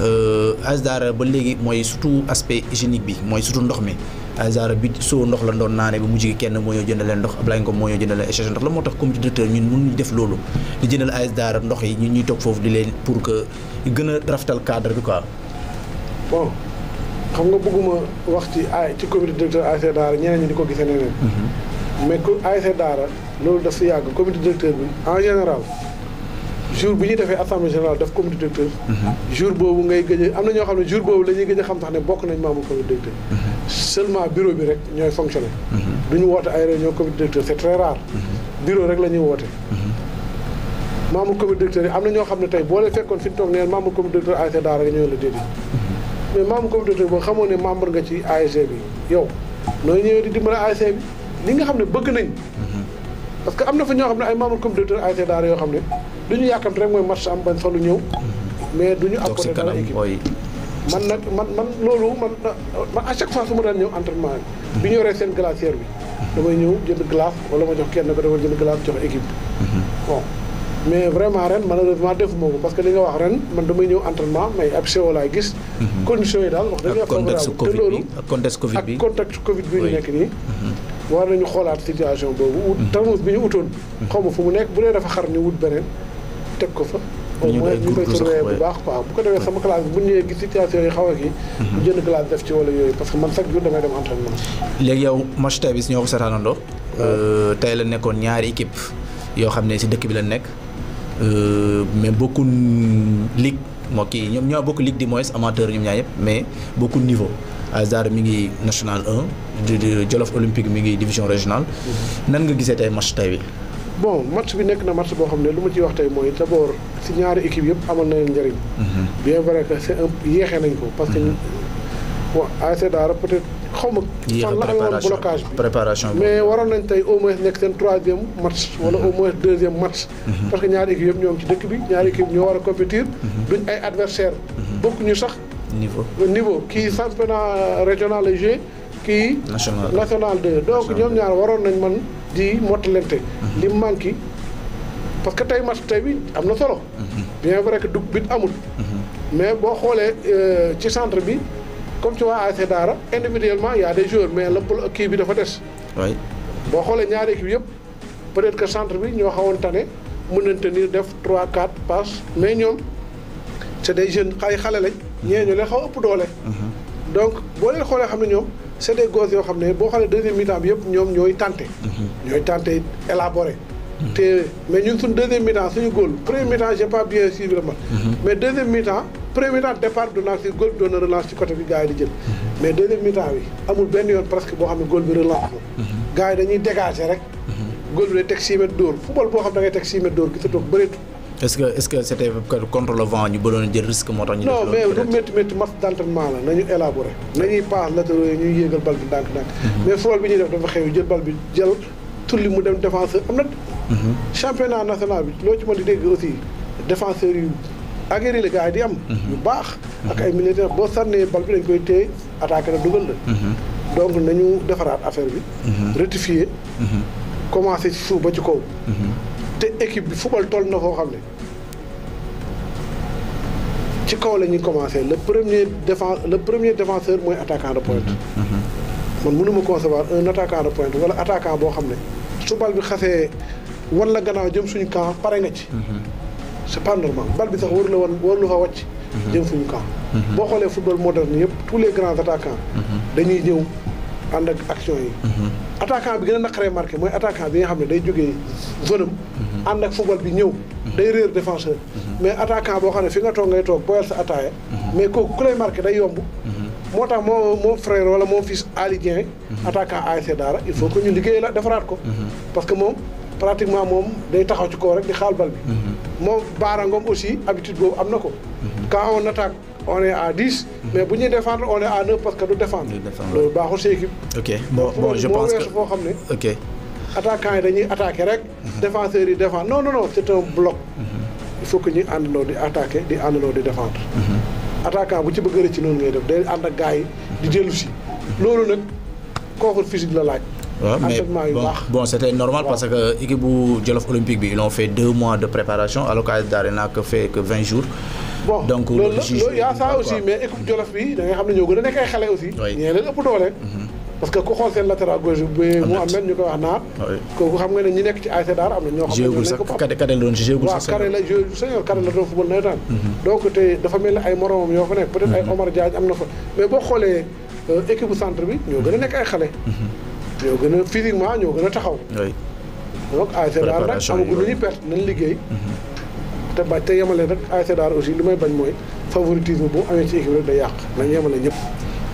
Euh, Asdaara ba léegi mooy surtout aspect hygiénique bi mooy surtout ndox mi Asdaara bi soo ndox la doon naane ba mujj gi kenn moo ñoo jëndalee ndox Ablaye Ngom moo ñoo jëndalee échange ndox la moo tax comité directeur ñun mënuñu def loolu di jëndal Asdaara ndox yi ñun ñuy toog foofu di leen pour que gën a rafetal cadre bi ko bon xam nga bëgguma wax ci ay ci comité directeur ASC Daara ñeneen ñi di ko gisee neneen mhm. mais ASC Daara loolu daf si yàgg comité directeur bi en général. jour bi ñuy defee assemblée générale daf comité directeur. Mhm. jour boobu ngay gëj am na ñoo xam ne jour boobu la ñuy gëj a xam sax ne bokk nañ membre comité directeur. Mhm. seulement bureau bi rek ñooy fonctionner. Mhm. du ñu woote ay réunion comité directeur c'est très rare. bureau rek la ñuy woote. membre comité directeur yi am na ñoo xam ne tey boo leen fekkoon fi ñu toog neen membre comité directeur ASC Daara nga ñëw la déedéet. mais membre comité boo xamoo ne membre nga ci ASC bi yow nooy ñëwee di dimbale ASC bi li nga xam ne bëgg nañ. parce que am na fa ñoo xam ne ay membre comité directeur yoo xam ne. du ñu yàkkamti rek mooy match am bañ fa lu ñëw. mais du ñu apporter dara man nag man man loolu man man à chaque fois su ma daan ñëw entraînement bi. bi ñu seen glacière bi. damay ñëw jënd glace wala ma jox kenn ko dafa jënd glace jox équipe mhm. bon mais vraiment ren malheureusement defuma ko parce que li nga wax ren damay ñëw entraînement mais ab CO laay gis. Mhm. conditions yi daal wax dëgg yàlla. te loolu ak contexte Covid bi ak contexte Covid bi ñu mhm. xoolaat situation boobu. ut tamus bi ñu utoon. xaw ma fu mu nekk bu dee dafa xar ñu wut beneen. teg ko fa. au moins ñu koy surveiller bu baax quoi ko defee sama classe bu ñëwee gis situation yi xaw a kii. Mhm. jënd classe def ci wala yooyu parce que man chaque jour damay dem entraînement. léegi yow match tey bis ñoo ko seetaanandoo. Euh, tey la nekkoon ñaari équipe yoo xam ne si dëkk bi la nekk euh, mais bokkul ligue moo kii ñoom ñoo bokk ligue di moins amateur ñoom ñaar yëpp mais bokkul niveau. Azar mi ngi national 1 Jolof Olympique mi ngi division régional mhm. nan nga gisee tey match tey bi. bon match bi nekk na match boo xam ne lu ma ciy wax tey mooy d' abord si ñaari équipe yëpp amal na leen njëriñ. Mhm. vrai que yéexee nañ ko. parce que mhm. euh, wa ASC Daara peut être xaw ma. fan la na blocage bi préparation mais waroon nañ tey au moins nekk seen troisième match. Mhm. wala au moins deuxième match. parce que ñaari équipe yëpp ñoo ngi ci dëkk bi ñaari équipe ñoo war a compétir. duñ ay adversaire ñu sax. niveau niveau kii championnat régional la joué kii. national national 2 donc ñoom ñaar waroon nañ man di mottalante mhm. li manqué parce que tey match tey bi am na solo mhm. bien vrai que dug bit amul mhm. mais boo xoolee euh, ci centre bi comme ci waa ASC Daara individuellement y a des joueurs mais la pl kii bi dafa des boo xoolee ñaari équipe yëpp peut-être que centre bi ñoo xawoon tane mën nañ tenir def 3 4 passes mais ñoom c'est des jeunes ay xale lañ ñee ñu leen xaw ëpp doole donc boo leen xoolee xam ne ñoom c'est des gosses yoo xam ne boo xoolee deuxième mi-temps bi yëpp ñoom ñooy tenté. Mhm. ñooy tenté élaboré. te mais ñun suñ deuxième mi-temps suñu góol premier mi-temps j'ai pas bien suivi le match. Mhm. mais deuxième mi-temps premier mi-temps départ du naan si góol bi doon na relance ci côté bi gars yi mhm. amul benn yoon presque boo xam ne góol bi relance la. gars dañuy dégager rek. góol bi day teg 6 dóor football boo xam da ngay teg 6 dóor gisatoo ko est-ce que est-ce que c'était contre le vent ñu bëggoon jël risque moo tax. ñu mhm. mu dem défenseur am na. Mhm. championnat national bi loo ci mën dégg aussi défenseurs yu aguerri la di am. Mhm. yu baax. ak ay militaire boo sànnee bal bi dañ koy téye attaqué na dugal la. donc nañu defaraat affaire bi. rectifier. commencé ci suuf ba ci kaw. te équipe bi football toll na foo xam ne ci kaw la ñuy commencé le premier défense le premier défenseur mooy attaquant de pointe. Mm-hmm. man mënu ma concevoir un attaquant de pointe wala attaquant boo xam ne su bal bi xasee wan la gannaaw jëm suñu camp pare nga ci. Mm-hmm. c'est pas normal bal bi sax waru la wan waru la fa wàcc. Mm-hmm. jëm suñu camp. boo xoolee football moderne yëpp tous les grands attaquants. dañuy ñëw ànd ak action yi. attaquant bi gën a naqaree marqué mooy attaquant bi nga xam ne day jógee zone ànd ak football bi ñëw. day réer défenseur. mais attaquant boo xam ne fi nga toog ngay toog booyal sa attaaya. mais kooku ku lay marqué day yomb. moo tax moo moom frère wala moom fils Ali Dieng. attaquant ASC Daara il faut que ñu liggéey la defaraat ko. parce que moom pratiquement moom day taxaw ci kaw rek di xaal bal bi. moom baaraangoom aussi habitude boobu am na ko. quand on attaque on est à 10. mais bu ñuy défendre on est à parce que du défendre. loolu baaxul si équipe. ok bon bon je pense que xam ne. ok. attaquant yi dañuy attaquer rek. défenseurs yi défendre non non non c'est un bloc. il faut que ñuy àndandoo di attaquer di àndandoo di défendre. attaquant bu ci bëgg rëcc noonu ngay def day ànd ak gars yi di dellu si. loolu nag kooku physique la laaj. waaw mais bon bon c'était normal parce que équipe bu Jolof Olympique bi ils ont fait deux mois de préparation alors que d'Arena que fait que vingt jours. bon donc loolu la loolu aussi mais équipe Jolof bi da nga xam ne ñoo gën a nekk ay xale aussi. ñee leen parce que ku xool seen latéral gauche bi mu am ñu koy wax naar kooku xam nga ne ñi nekk ci ASC Daara am na ñoo xam ne sax Kade la mhm. dafa mel ne ay moromam yoo fa nekk peut-être ay mhm. Omar Diagne am boo xoolee euh, équipe centre bi ñoo gën a nekk ay xale mhm. ñoo gën a physiquement ñoo gën a taxaw donc ASC Daara lu ñu perte nañ liggéey te ba te yemale rek ASC Daara aussi li may bañ mooy favoritisme bu amee ci équipe rek day yàq nañ yemale ñëpp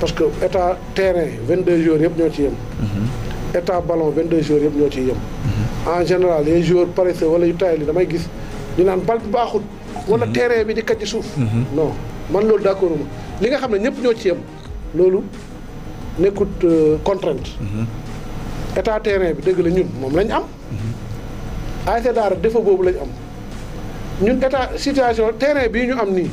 parce que état terrain 22 joueurs yëpp ñoo ci yem. état ballon 22 joueurs yëpp ñoo ci yem. en général les joueurs paresseux wala yu taay damay gis ñu naan bal bi baaxul. wala terrain bi di kat ci suuf. non man loolu d'accord ma li nga xam ne ñëpp ñoo ci yem loolu nekkut euh, contrainte. état terrain bi dégg la ñun moom lañ am. ASC Daara défaut boobu lañ am ñun état situation terrain bii ñu am nii.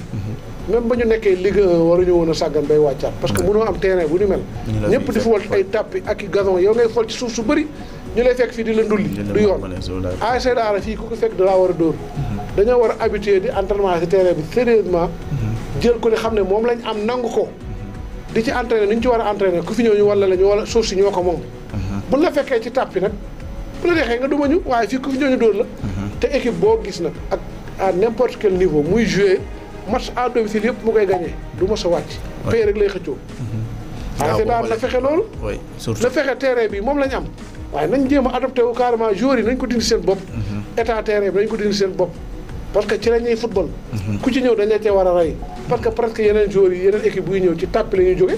même ba ñu nekkee Ligue 1 waruñu woon a sàggan bay wàccaat parce que mënoo am terrain bu ni mel ñëpp di fool ay tàppi ak i gazon yow ngay fool suuf su bëri ñu lay fekk fii di la ndulli du yoon ASC Daara fii ku ko fekk dalaa war a dóor mhm. dañoo war a habitué di entraînement ci terrain bi sérieusement mhm. jël ko li xam ne moom lañ am nangu ko mhm. di ci entraîné ni ñu ci war a entraîné ku fi ñëw ñu wala la ñu wala suuf si ñoo ko moom bu la fekkee ci tàppi nag bu la neexee nga duma ñu waaye fii ku fi ñëw ñu dóor la te équipe boo gis nag ak à n'importe quel niveau match à domicile yëpp mu koy gagné du mos a wàcc. pay rek lay xëccoo. waaw mhm. ah, boobu na fexe loolu. oui surtout na fexe terrain bi moom lañ ñu am. waaye nañ jéem a adopté wu carrément joueurs yi nañ ko dindi seen bopp. Mhm. état terrain bi nañ ko dindi seen bopp. parce que ci la ñuy mhm. ku ci ñëw dañ la cee war a rey. parce que presque yeneen joueurs yi yeneen équipe buy ñëw ci tàpp la jóge.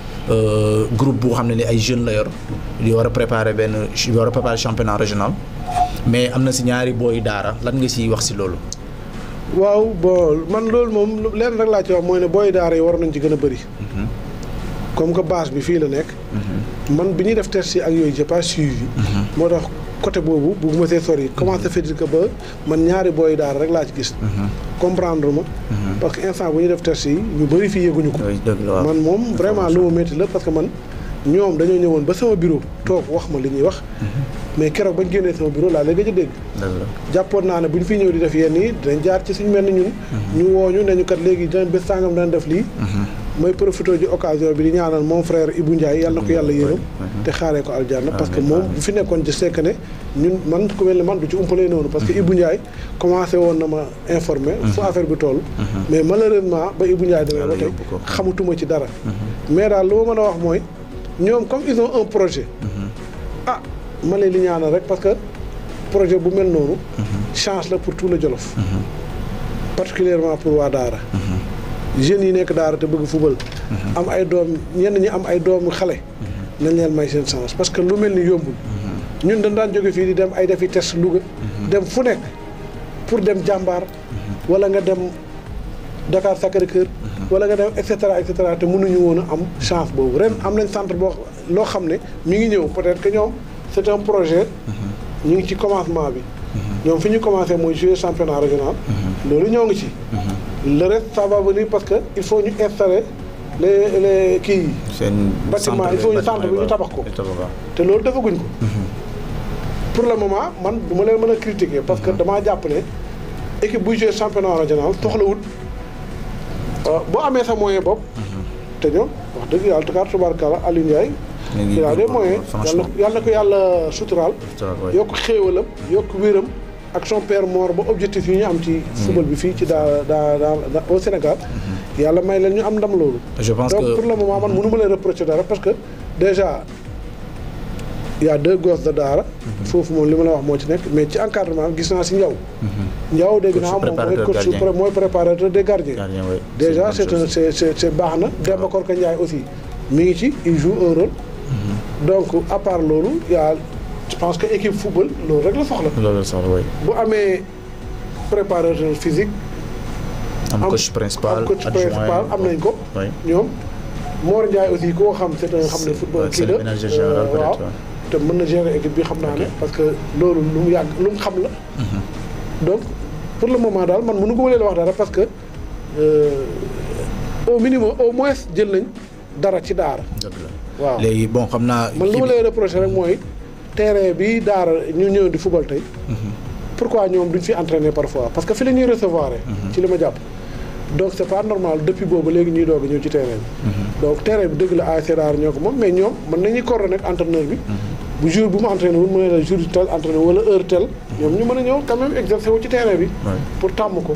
Euh, groupe boo xam ne ay jeunes la yor di préparer ben di war a préparer championnat régional mais am na si ñaari booy daara lan nga siy wax si loolu. waaw bon man loolu moom leen rek la ci wax mooy ne boy daara yi war nañ ci gën a bëri. Mhm. comme que base bi fii la nekk. Mhm. man bi ñuy def test ak yooyu j'ai pas suivi. Mhm. moo côté boobu bugguma see sor yi ça fait dire ba man ñaari booy daal rek laa ci gis. Mhm. comprendre ma. Mhm. parce que instant bu ñu def test yi ñu bëri fii yëguñu ko. man moom vraiment lu ma métti la parce que man ñoom dañoo ñëwoon ba sama bureau toog wax ma li ñuy wax. Mhm. mais keroog bañ génnee sama bureau laa léegi gëj a dégg. jàppoon naa ne bu ñu fi ñëw di def yenn yi dinañ jaar ci suñu mel ni ñun. ñu woo ñu ne ñu kat léegi dinañ bés sàngam dana def lii. mooy profité ji occasion bi di ñaanal moom frère Ibou Ndiaye yàlla na ko yàlla yërëm te xaaree ko aljanna parce que moom bu fi nekkoon ci sekk ne ñun man ku mel ne man du ci umpalee noonu parce que mm-hmm. Ibou Ndiaye commencé woon na ma informé fu mm-hmm. affaire bi toll mm-hmm. mais malheureusement ba Ibou Ndiaye demee ba tey xamatuma ci dara mais daal lu ma mën a wax mooy ñoom comme ils ont un projet ah ma leen di ñaanal rek parce que projet bu mel noonu chance la pour tout le Jolof particulièrement pour waa Daara jeunes yi nekk daara te bëgg fubal. Mhm. am ay doom ñenn ñi am ay doomu xale. Mhm. nañ leen may seen chance parce que lu mel ni yombul. Mhm. ñun dañ daan jóge fii di dem ay defi test Louga. dem fu nekk pour dem jàmbaar. wala nga dem Dakar Sacré-Cœur. wala nga dem et cetera et cetera te mënuñu woon a am chance boobu ren am nañ centre boo loo xam ne mi ngi ñëw peut-être que ñoom c'est un projet. ñu ngi ci commencement bi. ñoom fi ñu commencé mooy jouer championnat régional. loolu ñoo ngi ci. le reste ça va parce que il faut ñu installer les les kii yi. seen bâtiment il faut ñu centre bi ñu tabax ko. te loolu defaguñ ko. Mhm. pour le moment man du ma leen mën a critiquer parce que mhm. dama jàpp ne équipe bu jouer championnat régional soxlawut euh, boo amee sa moyen bopp. Mhm. te ñoom wax dëgg yàlla en tout cas tubaarkalla Aliou Ndiaye. il a des moyens yàlla ko yàlla suturaal. yokk xéewalam yokk wéram. action père mort ba objectif yi ñu am ci. football bi fi ci da da au Sénégal. yalla may leen ñu am ndam lolu je pense donc pour le moment man mënu ma reprocher dara parce que déjà il y a deux gosses de Dara fofu moom limu la wax mo ci nek mais ci encadrement gis naa si Ndiaw. Mhm. Ndiaw dégg naa moom mooy coach préparateur des gardiens. déjà c'est est un c'est est c' est baax aussi mi ngi ci il joue un rôle. Mhm. donc à part il y a je pense que équipe football c'est la soxla. loolu la oui. physique. Un coach principal coach principal am nañ ko. ñoom Mor aussi ko xam un football. kii la général waaw te na équipe bi parce que loolu lu mhm. donc pour le moment je man mënu ko wëlee wax parce que euh, au minimum au moins jël nañ dara ci daara. bon xam man terrain bi daara ñu ñëw di football tey. pourquoi ñoom duñ fi entraîner parfois parce que fi la ñuy recevoir. ci li ma jàpp. donc c' pas normal depuis boobu léegi ñuy doog a ñëw ci terrain bi. donc terrain bi dëgg la ASC Daara ñoo ko moom mais ñoom mën nañuy coordonné ak entraîneur bi. bu jour bu mu entraîné wul mën na la jour tel entraîné wala heure tel. ñoom ñu mën a ñëw quand même exercer wu ci terrain bi. pour tàmm ko.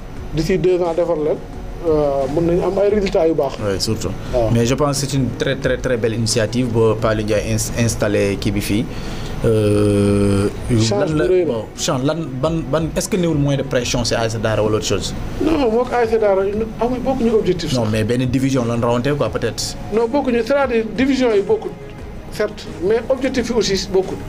d'ici deux ans defar leen euh, mën résultats oui surtout mais je pense que c'est une très très très belle initiative pour parler d'installer installé kii bi fii. Euh, change bu rëy est-ce que néewul moins de pression sur ASC Daara ou autre chose. non moog ASC Daara a beaucoup d'objectifs. non mais une division lan rawante quoi peut-être. non beaucoup il y a division yi beaucoup, certes mais objectifs aussi beaucoup.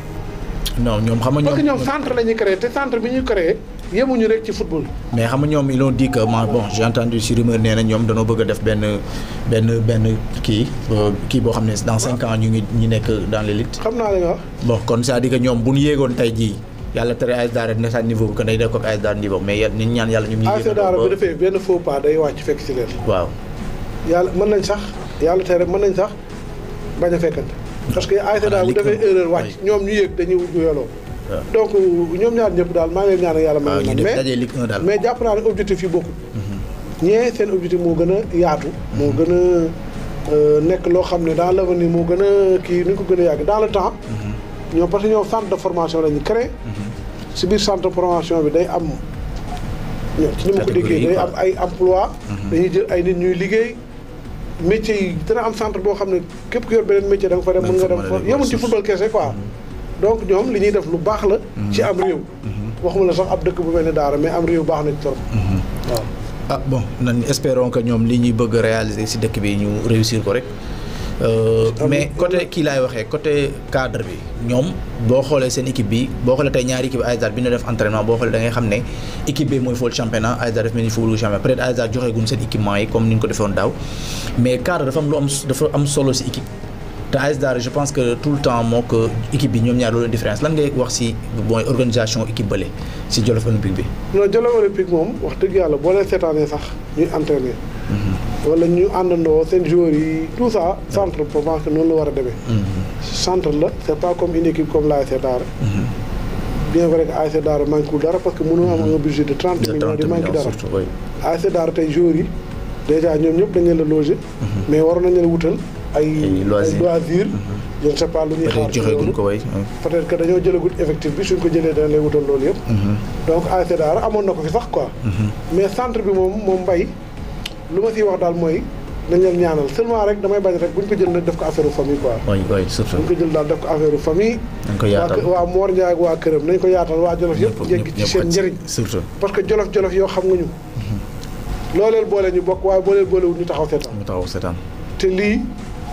non ñoom xam nga ñoom parce que ñoom centre la ñuy créé te centre bi ñuy créé. yemuñu rek ci football. mais xam nga ñoom ils ont dit bon j'ai entendu si rumeur nee ñoom danoo bëgg def benn benn benn kii euh, kii boo xam ne dans cinq ans ñu ngi ñu nekk dans l'élite. xam naa li nga wax. bon kon c'est-à-dire que ñoom bu ñu yéegoon tey jii yàlla tere AS Daara dina sa niveau bu que day def ko AS Daara niveau mais yéen ñu ñaan yàlla ñu ngi. AS Daara defee benn faux pas day wàcc fekk si leen. waaw. yàlla mën nañ sax yàlla tere mën nañ sax bañ a fekkante. parce donc ñoom ñaar ñëpp daal maa ngi leen ñaanal yàlla ma mais mais jàpp naa ne objectif yi bokkul mhm. ñee seen objectif moo gën a yaatu moo mhm. gën a euh, nekk loo xam ne daal dans l'avenir moo gën a kii ni ñu ko gën a yàgg dans le temps mhm. ñoom parce que ñoom de formation la ñu créé biir centre de bi day am ci ni ma ko déggee day am ay dañuy jël ay nit ñuy liggéey métier boo xam ne képp ku yor beneen nga fa dem mën nga dem donc ñoom li ñuy def lu baax la. ci am réew. Mhm. waxuma la sax ab dëkk bu mel ne Daara mais am réew baax na ci trop. Mhm. waaw. ah bon nan espérons que ñoom li ñuy bëgg réaliser si dëkk bi ñu réussir ko rek. Euh, mais côté kii laay waxee côté cadre bi ñoom boo xoolee seen équipe bi boo xoolee tey ñaari équipe ASR bi ñu def entraînement boo xoolee da xam ne équipe bi mooy fool championnat ASR def mel ni foolu championnat peut être ASR joxeeguñ seen équipement yi comme ni dafa am solo si équipe. te AS Daara je pense que tout le temps mon équipe bi ñoom ñaar loolu différence lan ngay wax si mooy organisation équipe bële si Jolof Olympique bi. non Jolof Olympique moom wax dëgg yàlla boo leen seetaanee sax ñuy entraîner. Mhm. wala ñu àndandoo seen joueurs yi tout ça centre pour moi que noonu la war a mhm. centre la c' pas comme une équipe comme l'AS Daara. Mhm. bien vrai que ASC Daara manqué dara parce que mënoo am un budget de 30 millions de manqué dara ASC Daara tey joueurs yi déjà, ñoom ñëpp dañ leen loger mais waroon nañ le wutal ay loisir je ne sais pas lu ñuy ko way peut être que dañoo jëlagul effectif bi suñ ko jëlee dana lay yëpp mm-hmm. donc ASC Daara amoon na sax quoi mm-hmm. mais centre bi moom moom mbay lu ma siy wax daal mooy nañ leen ñaanal seulement rek damay bañ rek buñ ko buñ ko jël daal def ko affaire famille waa Mor Ndiaye ak waa këram ko yaatal waa Jolof yëpp jéggi ci seen njëriñ surtout parce que Jolof Jolof yoo xam nga ñu mm-hmm. loo leen boole ñu bokk waaye boo leen boolewul ñu taxaw seetaan ñu taxaw seetaan te lii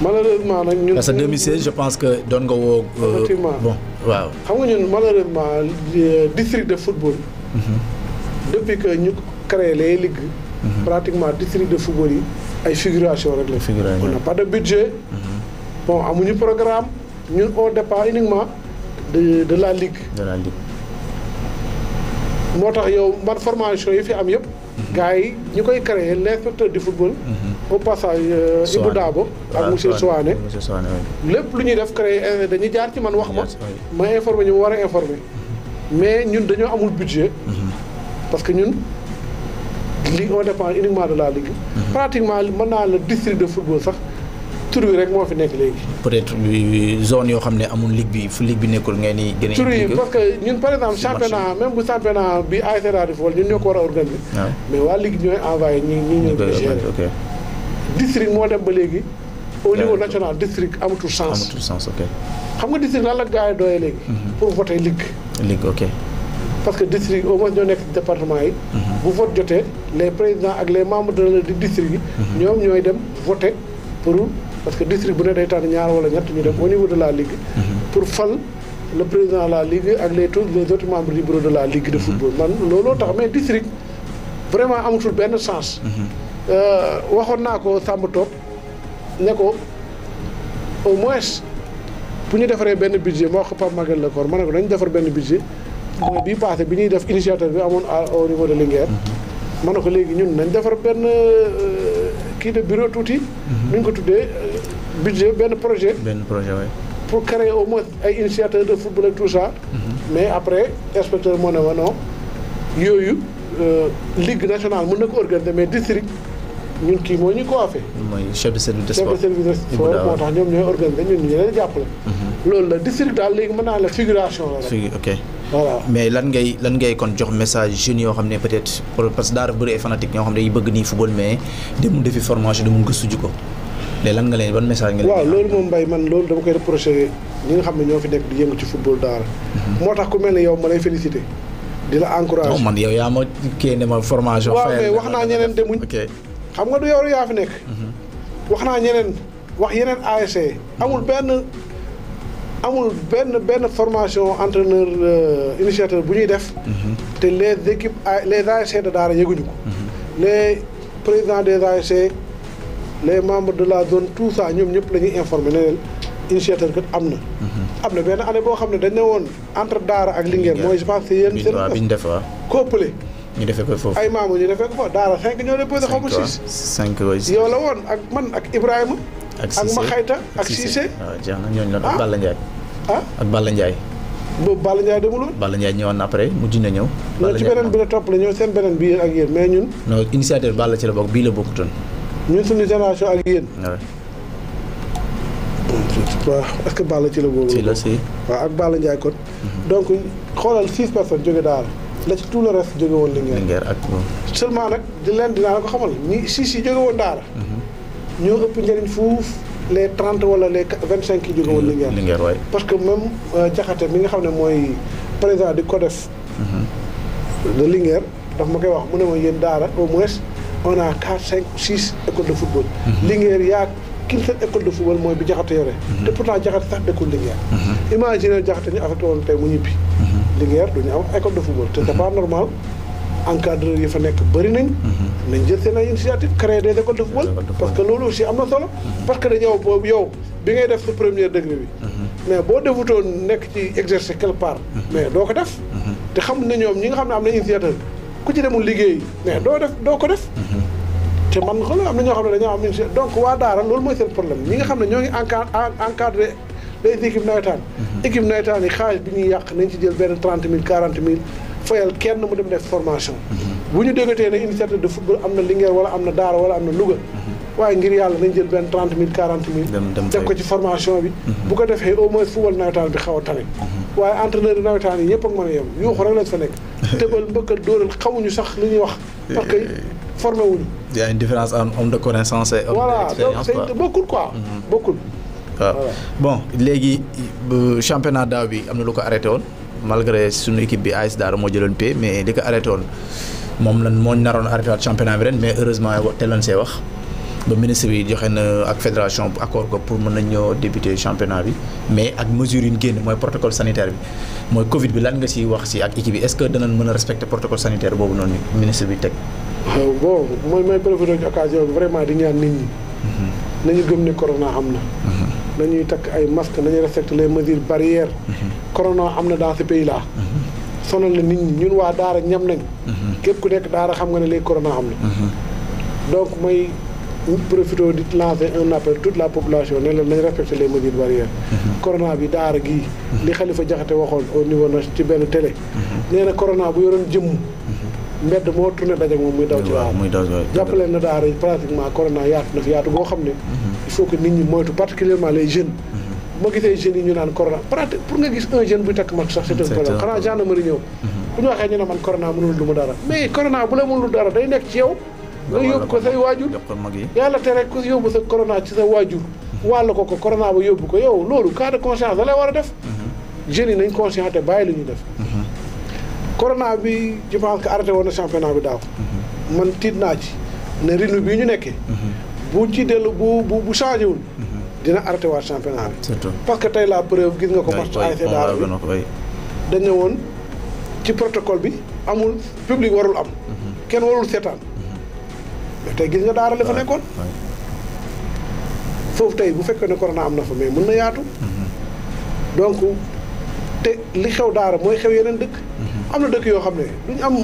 malheureusement nak ñun. parce que 2016 je pense que Don nga wo euh, bon waaw. xam nga ñun malheureusement euh, district de football. Mhm. depuis que ñu créé les ligues. Mhm. pratiquement district de football yi ay figuration rek la. figuration on n'a pas de budget. Mhm. bon amuñu programme ñun on départ uniquement de de la ligue. de la ligue. yow man formation yi fi am gars yi ñu koy créé l' inspecteur du football. Mm-hmm. au passage. Euh, Dabo ak monsieur Souane. lépp lu ñuy def créé euh, dañuy jaar ci man wax ma. ma informé ñu ma war a informé. Mm-hmm. mais ñun dañoo amul budget. Mm-hmm. parce que ñun li on dépend uniquement de la ligue. pratiquement mën naa la district de football sax. tur bi rek moo fi nekk léegi. peut-être zone yoo xam ne amul ligue bi fu ligue bi nekkul ngay ni gën a. que ñun par exemple championnat même bu championnat bi ASC Radebeul ñun ñoo ko war a organiser. Ah. mais waa ligue ñooy envoyé ñi ñi ñoo koy gérer. district moo dem ba léegi. o niveau national district amatul sens. amatul sens ok. xam nga district lan la gaa yi doyee léegi. Mhm. pour voter ligue. ligue ok. parce que district au moins ñoo nekk ci département yi. Mhm. bu vote jotee les présidents ak les membres de district mhm. ñooy dem voter pour. parce que district bu ne day tànn ñaar wala ñett ñu dem au niveau de la ligue. pour fal le président de la ligue ak les tous les autres membres de la ligue de mhm. football. man looloo tax mais district vraiment amatul benn sens. Mhm. Euh, waxoon naa ko Samb Top ne ko moins bu ñu defaree benn budget moo ko Pape Maguette Lacor ma ne ko nañu defar benn budget. mooy bii passé bi ñuy def initiateur bi amoon au niveau de Linguère. Mhm. léegi ñun nañ defar benn euh, kii de bureau tuuti. ñu ko tuddee budget benn projet. benn projet oui. pour créer au moins ay initiateur de football et tout ça. Mhm. mais après inspecteur moo ne ma non yooyu euh, ligue nationale mën na ko organiser mais district ñun kii moo ñu ko affee. mooy chef de service de sport chef de service de sport moo tax ñoom ñooy organiser ñun ñu leen jàppale. Mhm. loolu la district daal léegi mën naa la figuration la ok voilà mais lan ngay lan ngay kon jox message jeunes yoo xam peut-être parce que daara bëri fanatique fanatiques ñoo xam ne dañuy bëgg ni football mais dem demul defi formation demul gëstu ji ko. léegi lan nga leen ban message nga loolu moom Mbaye man loolu dama koy reproché ñi nga xam ne ñoo fi nekk di yëngu ci football daara mhm. moo tax ku mel ne yow ma lay félicité di la encouragé man yow yaa ma kii ne ma formation waaw mais wax naa ñeneen demuñ xam nga du yow yaa fi nekk mhm. wax naa ñeneen wax yeneen ASC amul mhm. benn amul benn benn formation entraîneur euh, initiateur bu ñuy def te les équipes les ASC de daara yëguñu ko les présidents des ASC les membres de la zone tout ça ñoom ñëpp la ñuy informé ne leen initiateur kat am na. Mhm. am na benn année boo xam ne dañ ne woon entre Daara ak Linguère mooy je pense ñu def waaw couplé ñu defee ko foofu ay Daara 5 ñoo déposé xaw ma 6. 5 waay 6 ak man ak Ibrahima. ak Cissé ak Maxayta ak Cissé. waaw jeex na ñooñu la ak ah. Balla Ndiaye. ah ak Balla Ndiaye. boobu Balla Ndiaye demul woon. Balla Ndiaye ñëwoon après mujj na ñëw. Balla Ndiaye ci beneen bi la topp la ñëw seen beneen bi yéen ak yéen mais ñun. non initiateur Balla ci la bokk bii la bokkutoon. ñu suñu génération ak yéen. waaw que Balla ci la boobu. la si waaw ak Balla Ndiaye kon. Mhm. donc xoolal six personnes jóge daal la ci tout le reste jóge woon Linguère. Linguère ak seulement nag di leen dinaa la ko xamal ñi six yi jóge woon daara mhm. ñoo ëpp njëriñ fuuf les trente wala les vingt cinq yi jóge woon Linguère. Linguère waay parce que même Jaxate euh, mi nga xam ne mooy président du CODEF. Mhm. de Linguère daf ma koy wax mu ne ma yéen daara au moins. on a quatre cinq six écoles de football. Mhm. Linguère yaa kin seen école de football mooy bi Jaxate yore. Mhm. te pourtant Jaxate sax nekkul Linguère. Mhm. imagine Jaxate ñu affecté woon tey mu ñibbi. Linguère du ñu am école de football te dafa normal. encadreur yi fa nekk bëri nañ. nañ jël seen ay initiative créer des écoles de football. parce que loolu aussi am na solo. parce que dañu yow boobu yow bi ngay def sa premier degré bi. mais boo defutoon nekk ci exercer quelque part. mais doo ko def. te xam ne ñoom ñi nga xam ne am nañ initiative. ku ci demul liggéey mais doo def doo ko def. Mm-hmm. te man xoolal am na ñoo xam ne dañoo am ne donc waa Daara loolu mooy seen problème ñi nga xam ne ñoo ngi encadré les équipes nawetaan. Mm-hmm. équipe nawetaan yi xaalis bi ñuy yàq nañ ci jël benn trente mille quarante mille fayal kenn mu dem def formation. Mm-hmm. bu ñu déggatee ne initiative de football am na Linguère wala am na Daara wala am na Louga. waaye ngir yàlla nañ jël benn trente mille quarante mille. def ko ci formation bi. Mhm. bu ko defee au moins football nawetaan bi xaw a tane. Mhm. waaye entraîneur yi nawetaan yi ñëpp ak mën a yem yuuxu rek lañ fa nekk. <laughs> tëbal mbëkkal dóoral xamuñu sax li ñuy wax. parce que formé wuñu. y a une différence en homme de connaissance et homme d'expérience voilà donc bokkul quoi. Mhm. bokkul. waaw bon léegi championnat daaw bi am na lu ko arrêté woon malgré suñu équipe bi AS Daara moo jëloon paie mais li ko arrêté woon moom lan moo naroon arrêté waat championnat bi ren mais heureusement teeloon see wax. le ministre bi joxe na ak fédération accord ko pour mën nañ débuter championnat bi mais ak mesure une ñu génn protocole sanitaire bi Covid bi lan nga ci wax ci ak équipe est-ce que danañ mën a respecter protocole sanitaire boobu noonu ministre bi tek euh, bon mooy may profité ci occasion vraiment di ñaan nit ñi. Mhm. nañu gëm ne corona amna mhm. nañuy tak ay masque nañu respecter les mesures barrières. Mhm. corona amna dans ce pays là. sonal na nit ñi ñun wa Daara ñam nañ. képp ku nekk Daara xam nga ne les corona amna donc moy mu profité di lancer un appel toute la population ne leen nañ respecté les mesures barrières. Mhm. corona bi daara gii. li Khalifa Diakhaté waxoon au niveau na ci benn télé. Mhm. nee na bu yoroon jëmm. Mhm. mbedd moo tourné boo xam ne. il faut que nit ñi moytu particulièrement les jeunes. gisee jeunes yi ñu naan corona pratique pour nga gis un jeune buy takk masque sax c'est un problème xanaa gendarmerie ñëw. bu ñu waxee ñu ne man corona mënul lu mu dara mais corona bu la mënul dara day nekk ci yow. nga yóbbu ko say waajur yàlla tere ku yóbbu sa corona ci sa waajur wàll ko ko corona ba yóbbu ko yow loolu cas de conscience la lay war a def mhm. jeunes yi nañ conscient te bàyyi li ñuy def mhm. corona bi je pense que arrêté woon na championnat bi daaw mhm. man tiit naa ci ne rythme bii ñu nekkee bu ci dellu bu bu changé wul dina arrêté waat championnat surtout parce que tey la preuve gis nga ko match ASC Daara bi dañ ne woon ci protocole bi amul public warul am kenn warul seetaan mais tey gis nga daara la fa nekkoon. foofu tey bu fekkee ne corona am na fa mais mën na yaatu. Mm-hmm. donc te li xew daara mooy xew yeneen dëkk. Mm-hmm. am na dëkk yoo xam ne duñu am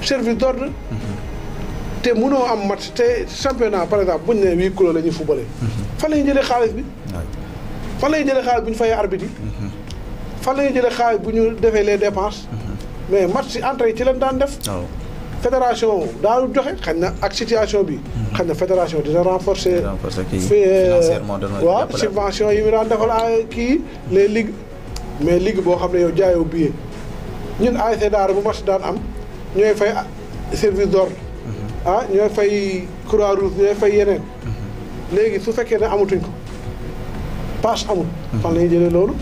service d'ordre. Mm-hmm. te mënoo am match te championnat par exemple buñ ne huis clos la ñuy footballé. fan la ñuy jëlee xaalis bi. fan la ñuy jëlee xaalis bu ñu fayee arbitre yi. fan la jëlee xaalis bu ñu defee les dépenses. mais match si entrée ci lañ daan def. Oh. fédération daal joxe xëy na ak situation bi. xëy na fédération dina renforcer. Euh, waaw subvention yi mu daan defal ay kii les ligues. mais ligue boo xam ne yow jaayoo billet ñun ASC Daara bu match daan am ñooy fay service d'ordre mhm. ah ñooy fay croix rouge ñooy fay yeneen. Mhm. léegi su fekkee ne amatuñ ko passe amul. Mhm. fan la ñuy jëlee loolu.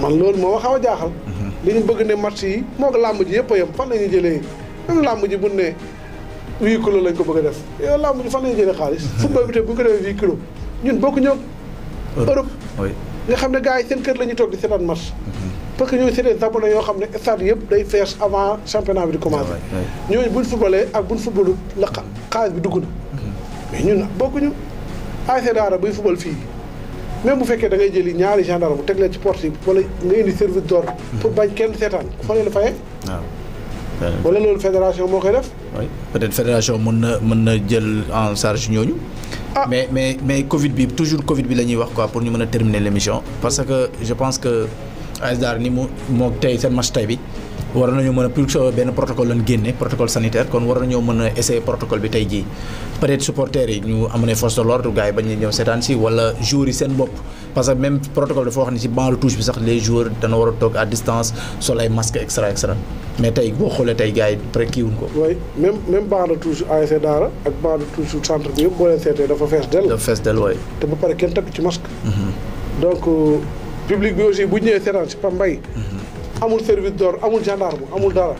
man loolu moo ma xaw a jaaxal. li ñu bëgg ne match yi moo ko làmb ji yëpp a yem fan la ñuy jëlee. même làmb ji bu ne huit kilos lañ ko bëgg a def yow làmb ji fan la ñuy jëlee xaalis. <laughs> football bi tey bu ñu ko defee huit kilos ñun bokk ñoom. Europe nga xam ne gars yi seen kër la ñuy toog di seetaan match. Mhm. parce que ñooñu c'est des yoo xam ne stade yëpp day fees avant championnat bi di commencé. ñooñu buñ footballee ak buñ footballu la xaalis bi dugg na. Mhm. mais ñun bokkuñu ASC e Daara buy football fii même bu fekkee da ngay jëli ñaari gendarme bu teg leen ci porte yi wala nga indi service d'ordre mhm. pour bañ kenn seetaan fa leen fayee. Euh, wala loolu fédération moo koy def. oui peut-être fédération mën na mën jël en charge ñooñu. Ah. mais mais mais Covid bi toujours Covid bi la ñuy wax quoi pour ñu mën a terminer l'émission. parce que je pense que. AS Dakar ni moo tey seen match tey bi war nañoo mën a plutôt benn protocole lañ génne protocole sanitaire kon war nañoo mën a essayer protocole bi tey jii peut-être yi ñu amoon force de l'ordre gars yi bañ a seetaan si wala joueurs yi seen bopp parce que même protocole dafa wax ne si banc de touche bi sax les joueurs dana war a toog à distance sol ay extra extra mais tey boo xoolee tey gars yi pré ko. oui même même banc de touche ASC ak public bi aussi bu ñëwee seetaan si Pape Mbaye amul service d'ordre amul gendarme amul dara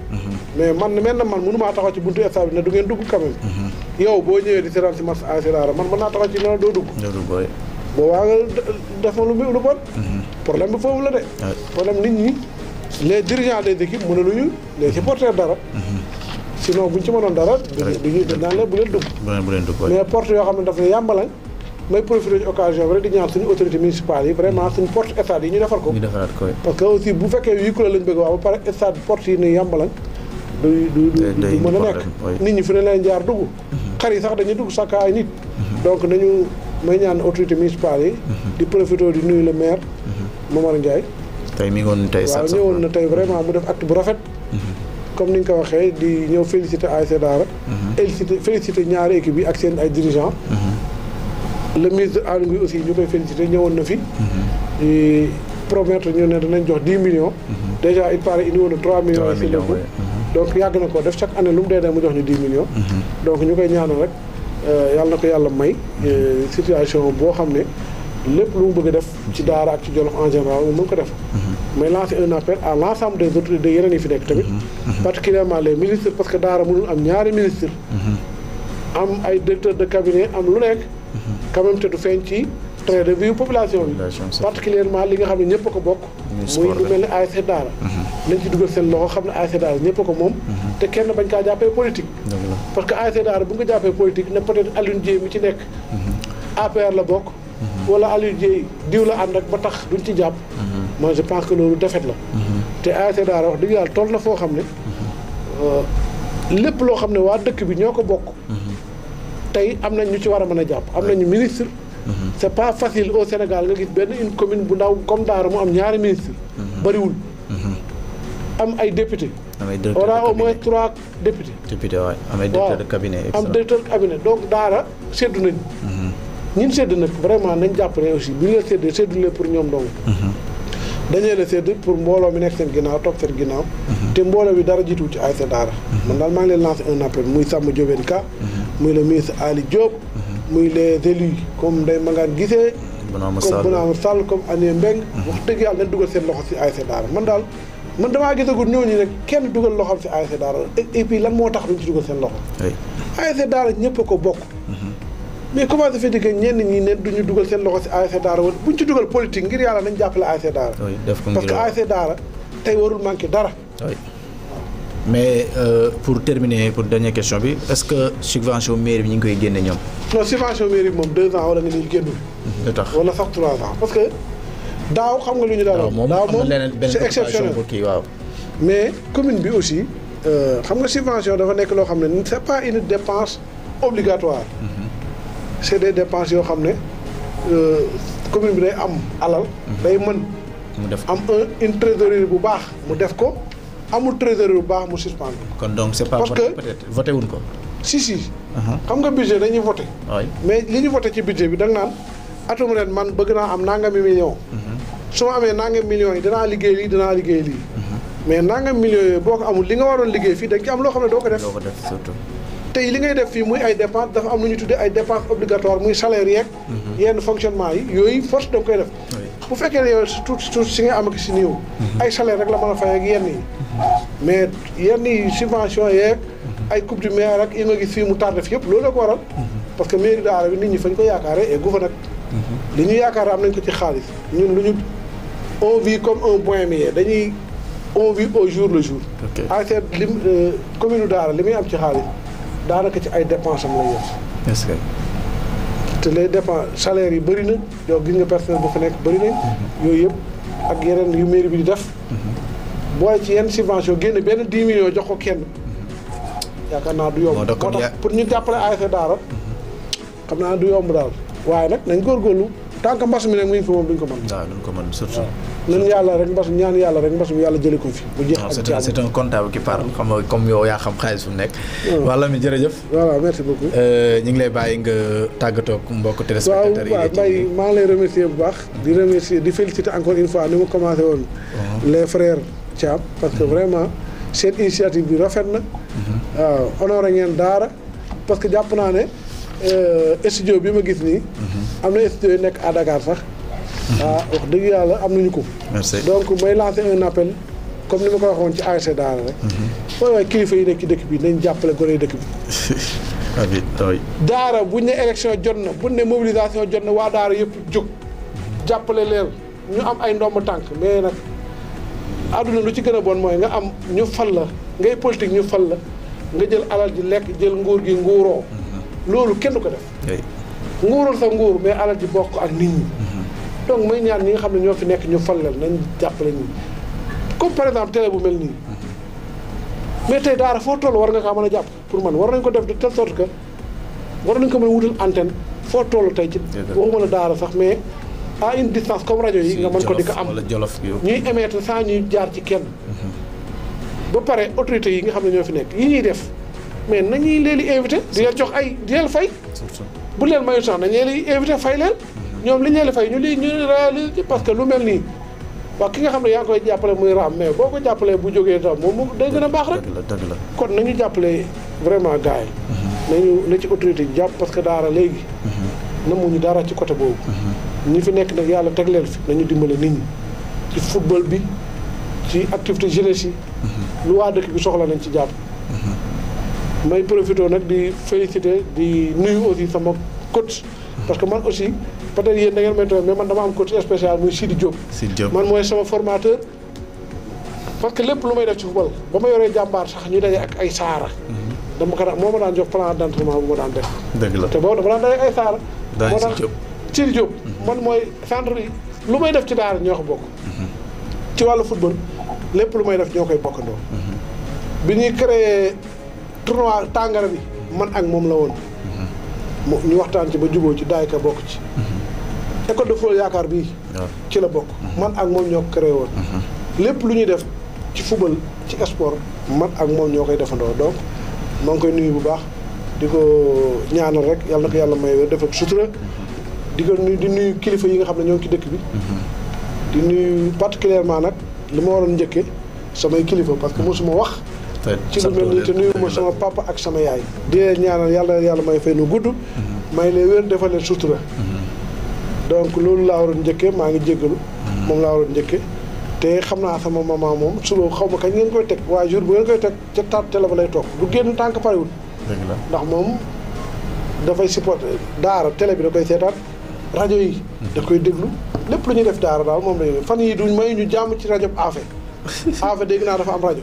mais man mel na man mënu maa taxaw ci buntu stade bi ne du ngeen dugg quand même yow boo ñëwee di seetaan si match ASC Daara man mën naa taxaw ci ne la doo dugg boobaa nga def ma lu lu bon problème bi foofu la de problème nit ñi les dirigeants des équipes mën a luñu les supporters dara sinon buñ ci mënoon dara duñu naan bu leen dugg mais porte yoo xam ne daf ne yàmbalañ may profité ñu occasion bi rek di ñaan suñu autorité municipale yi vraiment suñu porte stade a nekk nit ñi fi ne leen jaar dugg xar sax dañuy dugg sàkka nit mhm. donc nañu may ñaan autorité municipale yi mhm. di profité di nuyu le maire mhm. Momar Ndiaye tey mi ngi woon tey sax waaw ñëwoon na tey vraiment mu def acte bu rafet comme ni ñu ko waxee di ñëw félicité ASC Daara félicité ñaari équipe yi ak seen ay dirigeants le ministre Aly Ngouille aussi ñu koy félicité ñëwoon na fi. di mm-hmm. promettre ñu ne danañ jox dix millions. Mm-hmm. déjà il paraît indi woon na 3 millions. 3 millions mm-hmm. donc na ko def chaque année lu mu dee mu jox ñu 10 ñu koy ñaanal rek euh, yàlla na ko yàlla may. situation boo xam ne lép lu mu bëgg def ci daara ak ci Jolof en général mu mën ko def. mais lancer un appel à l' ensemble yeneen yi fi nekk tamit. particulièrement les ministres parce que daara mënul am ñaari ministres. am ay directeur de cabinet am lu nekk. quand même te du feeñ ci train de vie population bi particulièrement li nga xam ne ñëpp a ko bokk muy lu mel ni ASC Daara mhm. nañ ci dugal seen loxo xam ne ASC Daara ñëpp ko moom mhm. te kenn bañ kaa jàppee politique parce que ASC Daara bu nga ko jàppee politique ne peut-être Alioune Dieye mi ci nekk mhm. APR la bokk wala Alioune Dieye diw la ànd ak ba tax duñ ci jàpp moi je pense que loolu defet la te ASC Daara wax dëgg yàlla toll na foo xam ne euh, lépp loo xam ne waa dëkk bi ñoo ko bokk tey am nañ ñu ci war a mën a jàpp am nañu ministre mhm. c'est pas facile au Sénégal nga gis benn une commune bu ndaw comme Daara mu am ñaari ministre mhm. bëriwul mhm. am ay député on a au moins trois députés député waaw am ay directeur de cabinet am directeur de cabinet donc Daara seddu nañ ñun sedd nag vraiment nañ jàpp ne aussi bu ñu la séddee séddule pour ñoom dong dañee la sédd pour mbooloo mi nekk seen ginnaaw toog seen ginnaaw te mbooloo bi dara jiituwu ci ASC Daara man daal maa ngi leen lancé un appel muy sàmm Jobeen Ka muy le ministre Ali Diop. Mhm. muy les élus comme Ndeye Magane Guissé. comme Bounama Sall comme Agnès Mbengue. Mhm. wax dëgg yàlla dañ dugal seen loxo si ASC Daara man daal man damaa gisagul ñooñu rek kenn dugal loxo si ASC Daara et puis lan moo tax duñ ci dugal seen loxo. ASC Daara ñëpp a ko bokk. Mhm. mais comment ça fait ñenn ñi ne duñu dugal seen loxo si ASC Daara woon ci dugal politique ngir yàlla nañ jàppale ASC Daara. parce que ASC Daara tey warul manqué dara. mais euh, pour terminer pour dernière question bi est-ce que subvention mairie bi ñu ngi koy génne ñoom. non subvention mairie bi deux ans wala nga ni génn. lu tax wala sax trois ans parce que daaw xam nga lu ñu daan. daaw c'est exceptionnel waaw. mais commune bi aussi euh, xam nga subvention dafa nekk c'est pas une dépense obligatoire. Mm-hmm. c'est des dépenses yoo xam la euh, commune bi day am alal. Mm-hmm. day mën. am un, une trésorerie bu baax mu def ko. amul trésorier bu baax mu suspendre. kon donc c'est parce que peut-être voté wuñ ko. si si. Uh-huh. xam nga budget dañuy voté. mais li ñu voté ci budget bi da nga naan atum ren man bëgg naa am nangami million. Uh-huh. su ma amee nangami millions yi danaa liggéey lii danaa liggéey lii. Uh-huh. mais nangam millions yooyu boo ko amul li nga waroon liggéey fii da nga ci am loo xam ne doo ko def. tey li ngay def fii muy ay dépense dafa am lu ñu tuddee ay dépense obligatoire muy salaire yeeg. yenn fonctionnement yi yooyu force da koy def. bu fekkee ne yow si nga am ak si néew. Mhm. ay salaire rek la mën a fay ak yenn yi. mais yenn yi subvention yeeg mhm. ay coupe du maire ak yi nga gis fii mu tardé yëpp loolu la ko waral. Mhm. parce que mairie daara bi nit ñi fañ ko yaakaaree et gouvernement. li ñu yaakaar am nañ ko ci xaalis ñun lu ñu on vit comme un point mieux dañuy on vit au jour le jour. ok ANCAR ah, lim euh, commune Daara li muy am ci xaalis daanaka ci ay dépensam la ñu te les dépenses salaires yi bëri na yow gis nga personnel bu fa nekk bëri na yooyu yëpp ak yeneen yu mairie bi di def booy ci yenn subvention génne benn 10 millions jox ko kenn yaakaar naa du yomb moo tax pour ñu jàppale ASC Daara xam naa du yomb daal waaye nag dañ nañ góorgóorlu tant que mbas mi nag mu ngi fi moom duñ ko mën. waaw duñ ko mën surtout. yàlla rek mbas ñaan yàlla rek mbas mi yàlla jëlee ko fi. bu jeex ak jàmm comme yaa xam xaalis fu nekk. Hmm. wala mi jërëjëf. voilà merci beaucoup. Euh, ñu ngi lay bàyyi nga tàggatoo ak mbokk téléspectateurs yi. waaw maa ngi lay remercier bu baax. di remercier di féliciter encore une fois ni mu commencé woon. Uh-huh. les frères parce que uh-huh. vraiment seen initiative bi rafet na. Uh-huh. waaw honoré ngeen daara parce que jàpp naa ne Euh, studio bi ma gis nii. Mhm. am na studio nekk à Dakar sax. Mhm. ah wax dëgg yàlla am nañu ko. merci donc mooy lancer un appel comme ni ma ko waxoon ci ASC Daara rek. Mhm. waaye waaye kilifa yi nekk ci dëkk bi nañ jàppale gone dëkk bi. <laughs> daara buñ ne élection jot na buñ ne mobilisation jot na waa daara yëpp jóg. jàppale leen ñu am ay ndomb tànk mais nag àdduna lu ci gën a bon mooy nga am ñu fal la ngay politique ñu fal la nga jël alal ji lekk jël nguur gi nguuroo. loolu kenn du ko def nguurul sa nguur mais alal ji bokk ak nit ñi mm-hmm. donc may ñaan ñi nga xam ne ñoo fi nekk ñu fal leen nañ jàppale ñi comme par exemple télé bu mel nii mm-hmm. mais tey daara foo toll war nga kaa mën a jàpp pour man war nañ ko def de telle sorte que war nañ ko mën a wutal antenne foo toll tey ci waxuma la daara sax mais à une distance comme rajo yi nga mën ko di ko am ñuy émettre sans ñuy jaar ci kenn mm-hmm. ba pare autorités yi nga xam ne ñoo fi nekk yi ñuy def mais nañuy leen di invité di leen jox ay di fay bu leen mayu temps nañu leen invité fay leen mhm. ñoom li ñu leen fay ñu li ñu réalise parce que lu mel nii waaw ki nga xam ne yaa ngi koy jàppale muy raam mais boo ko jàppalee bu jógee tam moom moom day gën a baax rek kon nañu jàppale vraiment gars yi mhm. nañu na ci autorité yi jàpp parce que daara léegi mhm. namuñu dara ci côté boobu ñi fi nekk nag yàlla teg fi nañu dimbale nit ñi ci football bi ci activité jeunesse yi lu waa dëkk bi soxla nañ ci jàpp may profité nag di félicité di nuyu aussi sama coach. parce que man aussi peut-être yéen da ngeen may tooy mais man dama am coach spécial muy Sidi Diop. Sidi man mooy sama formateur. parce que lépp lu may def ci football ba ma yoree jàmbaar sax ñu daje ak ay saara. Mhm. dama ko daan moo ma daan jox plan d'entraînement bu daan def. dëgg la te boobu dama daan daje ak ay saara. Mhm. man mooy centre bi lu may def ci daara ñoo ko bokk. Mhm. ci wàllu football lépp lu may def ñoo koy bokkandoo. bi ñuy créé. trois tàngara bi man ak moom la woon mhm. mu ñu waxtaan ci ba jubóo ci daay ka bokk ci mhm. école de ci la mhm. man ak mom ñoo créé woon lépp lu def ci football ci sport man ak mom ñoo koy defandoo donc maa ngi koy nuyu bu baax ñaanal rek yàlla na ko may def ak sutura di ko nuyu di nuyu kilifa yi nga xam ñoo ci dëkk bi di nuyu particulièrement nag lima ma waroon samay kilifa parce que mosuma wax ci lu mel nii te nuyu sama papa ak sama yaay di leen ñaanal yàlla yàlla may fay nu gudd may leen wér defal leen sutura donc loolu laa waroon njëkke maa ngi jéggalu moom laa waroon njëkke te xam naa sama maman moom suba xaw ma kañ ngeen koy teg waaye jour bu ngeen koy teg ca taat télé ba lay toog du génn tànk parewul ndax moom dafay supporté daara télé bi da koy seetaan rajo yi da koy déglu lépp lu ñuy def daara daal moom lañu fan yi duñ may ñu jàmm ci rajo bi Afé Afé dégg naa dafa am rajo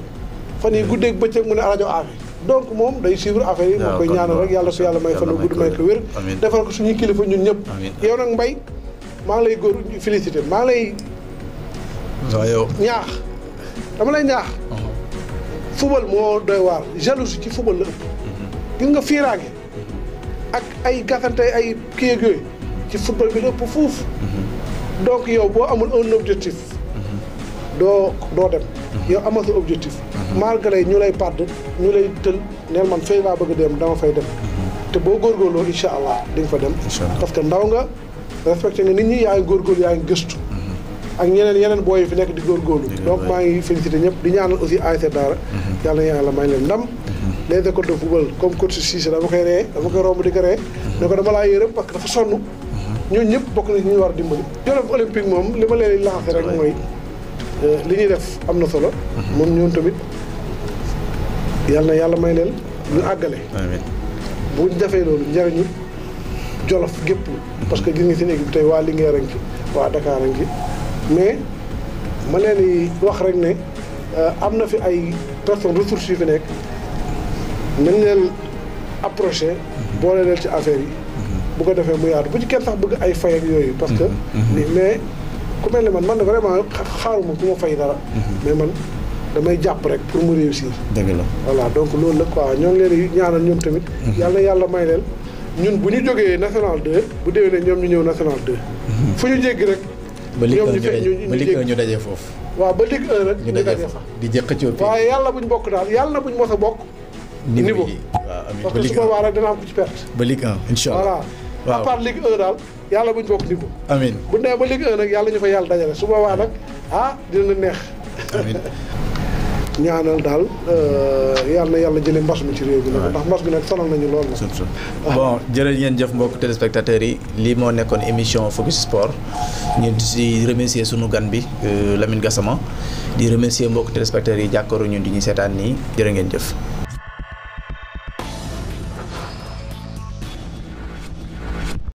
fani yi ak bëccëg mu ne radio af donc mom day suivre affaire yi mo koy ñaanal rek yalla su yalla may fa fan gudd may ko wër defal ko suñu kilifa ñun ñëpp yow nak mbay ma lay gor félicité ma lay yow ñaax dama lay ñaax uh-huh. football mo doy war jalousie ci football la ëpp uh-huh. nga fiiraange ak ay gafantay ay kii ci football bi lepp fouf uh-huh. donc yow bo amul un objectif do do dem yow amatul objectif malgré ñu lay pàdd ñu lay tël neel man fay laa bëgg a dem dama fay dem te boo góorgóorloo incha allah di nga fa dem parce que ndaw nga respecté nga nit ñi yaay ngi góorgóorlu yaa ngi gëstu mm-hmm. ak ñeneen yeneen boo yi fi nekk di góor góorgóorlu donc maa ngi félicité ñëpp di ñaanal aussi ASC Daara mm-hmm. yàlla na yàlla may leen ndam mm-hmm. les écoles de football comme coach Cissé dama koy ree dama koy romb di ko ree ne ko dama laa yërëm parce que dafa sonn ñooñu ñëpp bokk na war a dimbali jolof olympique moom li ma leen lancé rek mooy euh, li ñuy def am na solo moom ñoon tamit يلا يلا ما يلل نعجله آمين بود دفعي لول جارني جلف جبل بس كجيني تني جبت وعلي غيرنك وعدا كارنك ما ملاني وخرجنا أمنا في أي بيرسون ريسورسي فينك من ال approaches بولا لتش أفري بقى دفع damay jàpp rek pour mu réussir. dëgg la voilà donc loolu la quoi ñoo ngi leen di ñaanal ñoom tamit. Mhm. yàlla yàlla may leen ñun bu ñu jógee national 2 bu déwénee ñoom ñu ñëw national de mhm. fu ñu jéggi rek. ñoom ñu fekk ñu ba liggéey ñu daje foofu. waaw ba liggéey rek ñu daje fa di jëkk ci waaye yàlla bu ñu bokk daal yàlla bu buñ mos a bokk. niveau yi waaw amiin parce que su boobaa am ku ci perte. ba ligue allah voilà à part daal yàlla buñ bokk niveau. amiin bu nee ba ligue 1 nag yàlla ñu fa yàlla dajale su boobaa nag ah dina neex. amiin <laughs> ñaanal daal euh, yal na yàlla jëlee mbas mi ci réew bi nag ndax mbas mi nag sonal nañu lool ma bon jërë ngeen jëf mbokk téléspectateurs yi lii moo nekkoon émission Focus Sport ñu si remercier sunu gan bi euh, Lamine Gassama di remercier mbokk téléspectateurs yi jàkkaaru ñun di ñu seetaan nii jërë ngeen jëf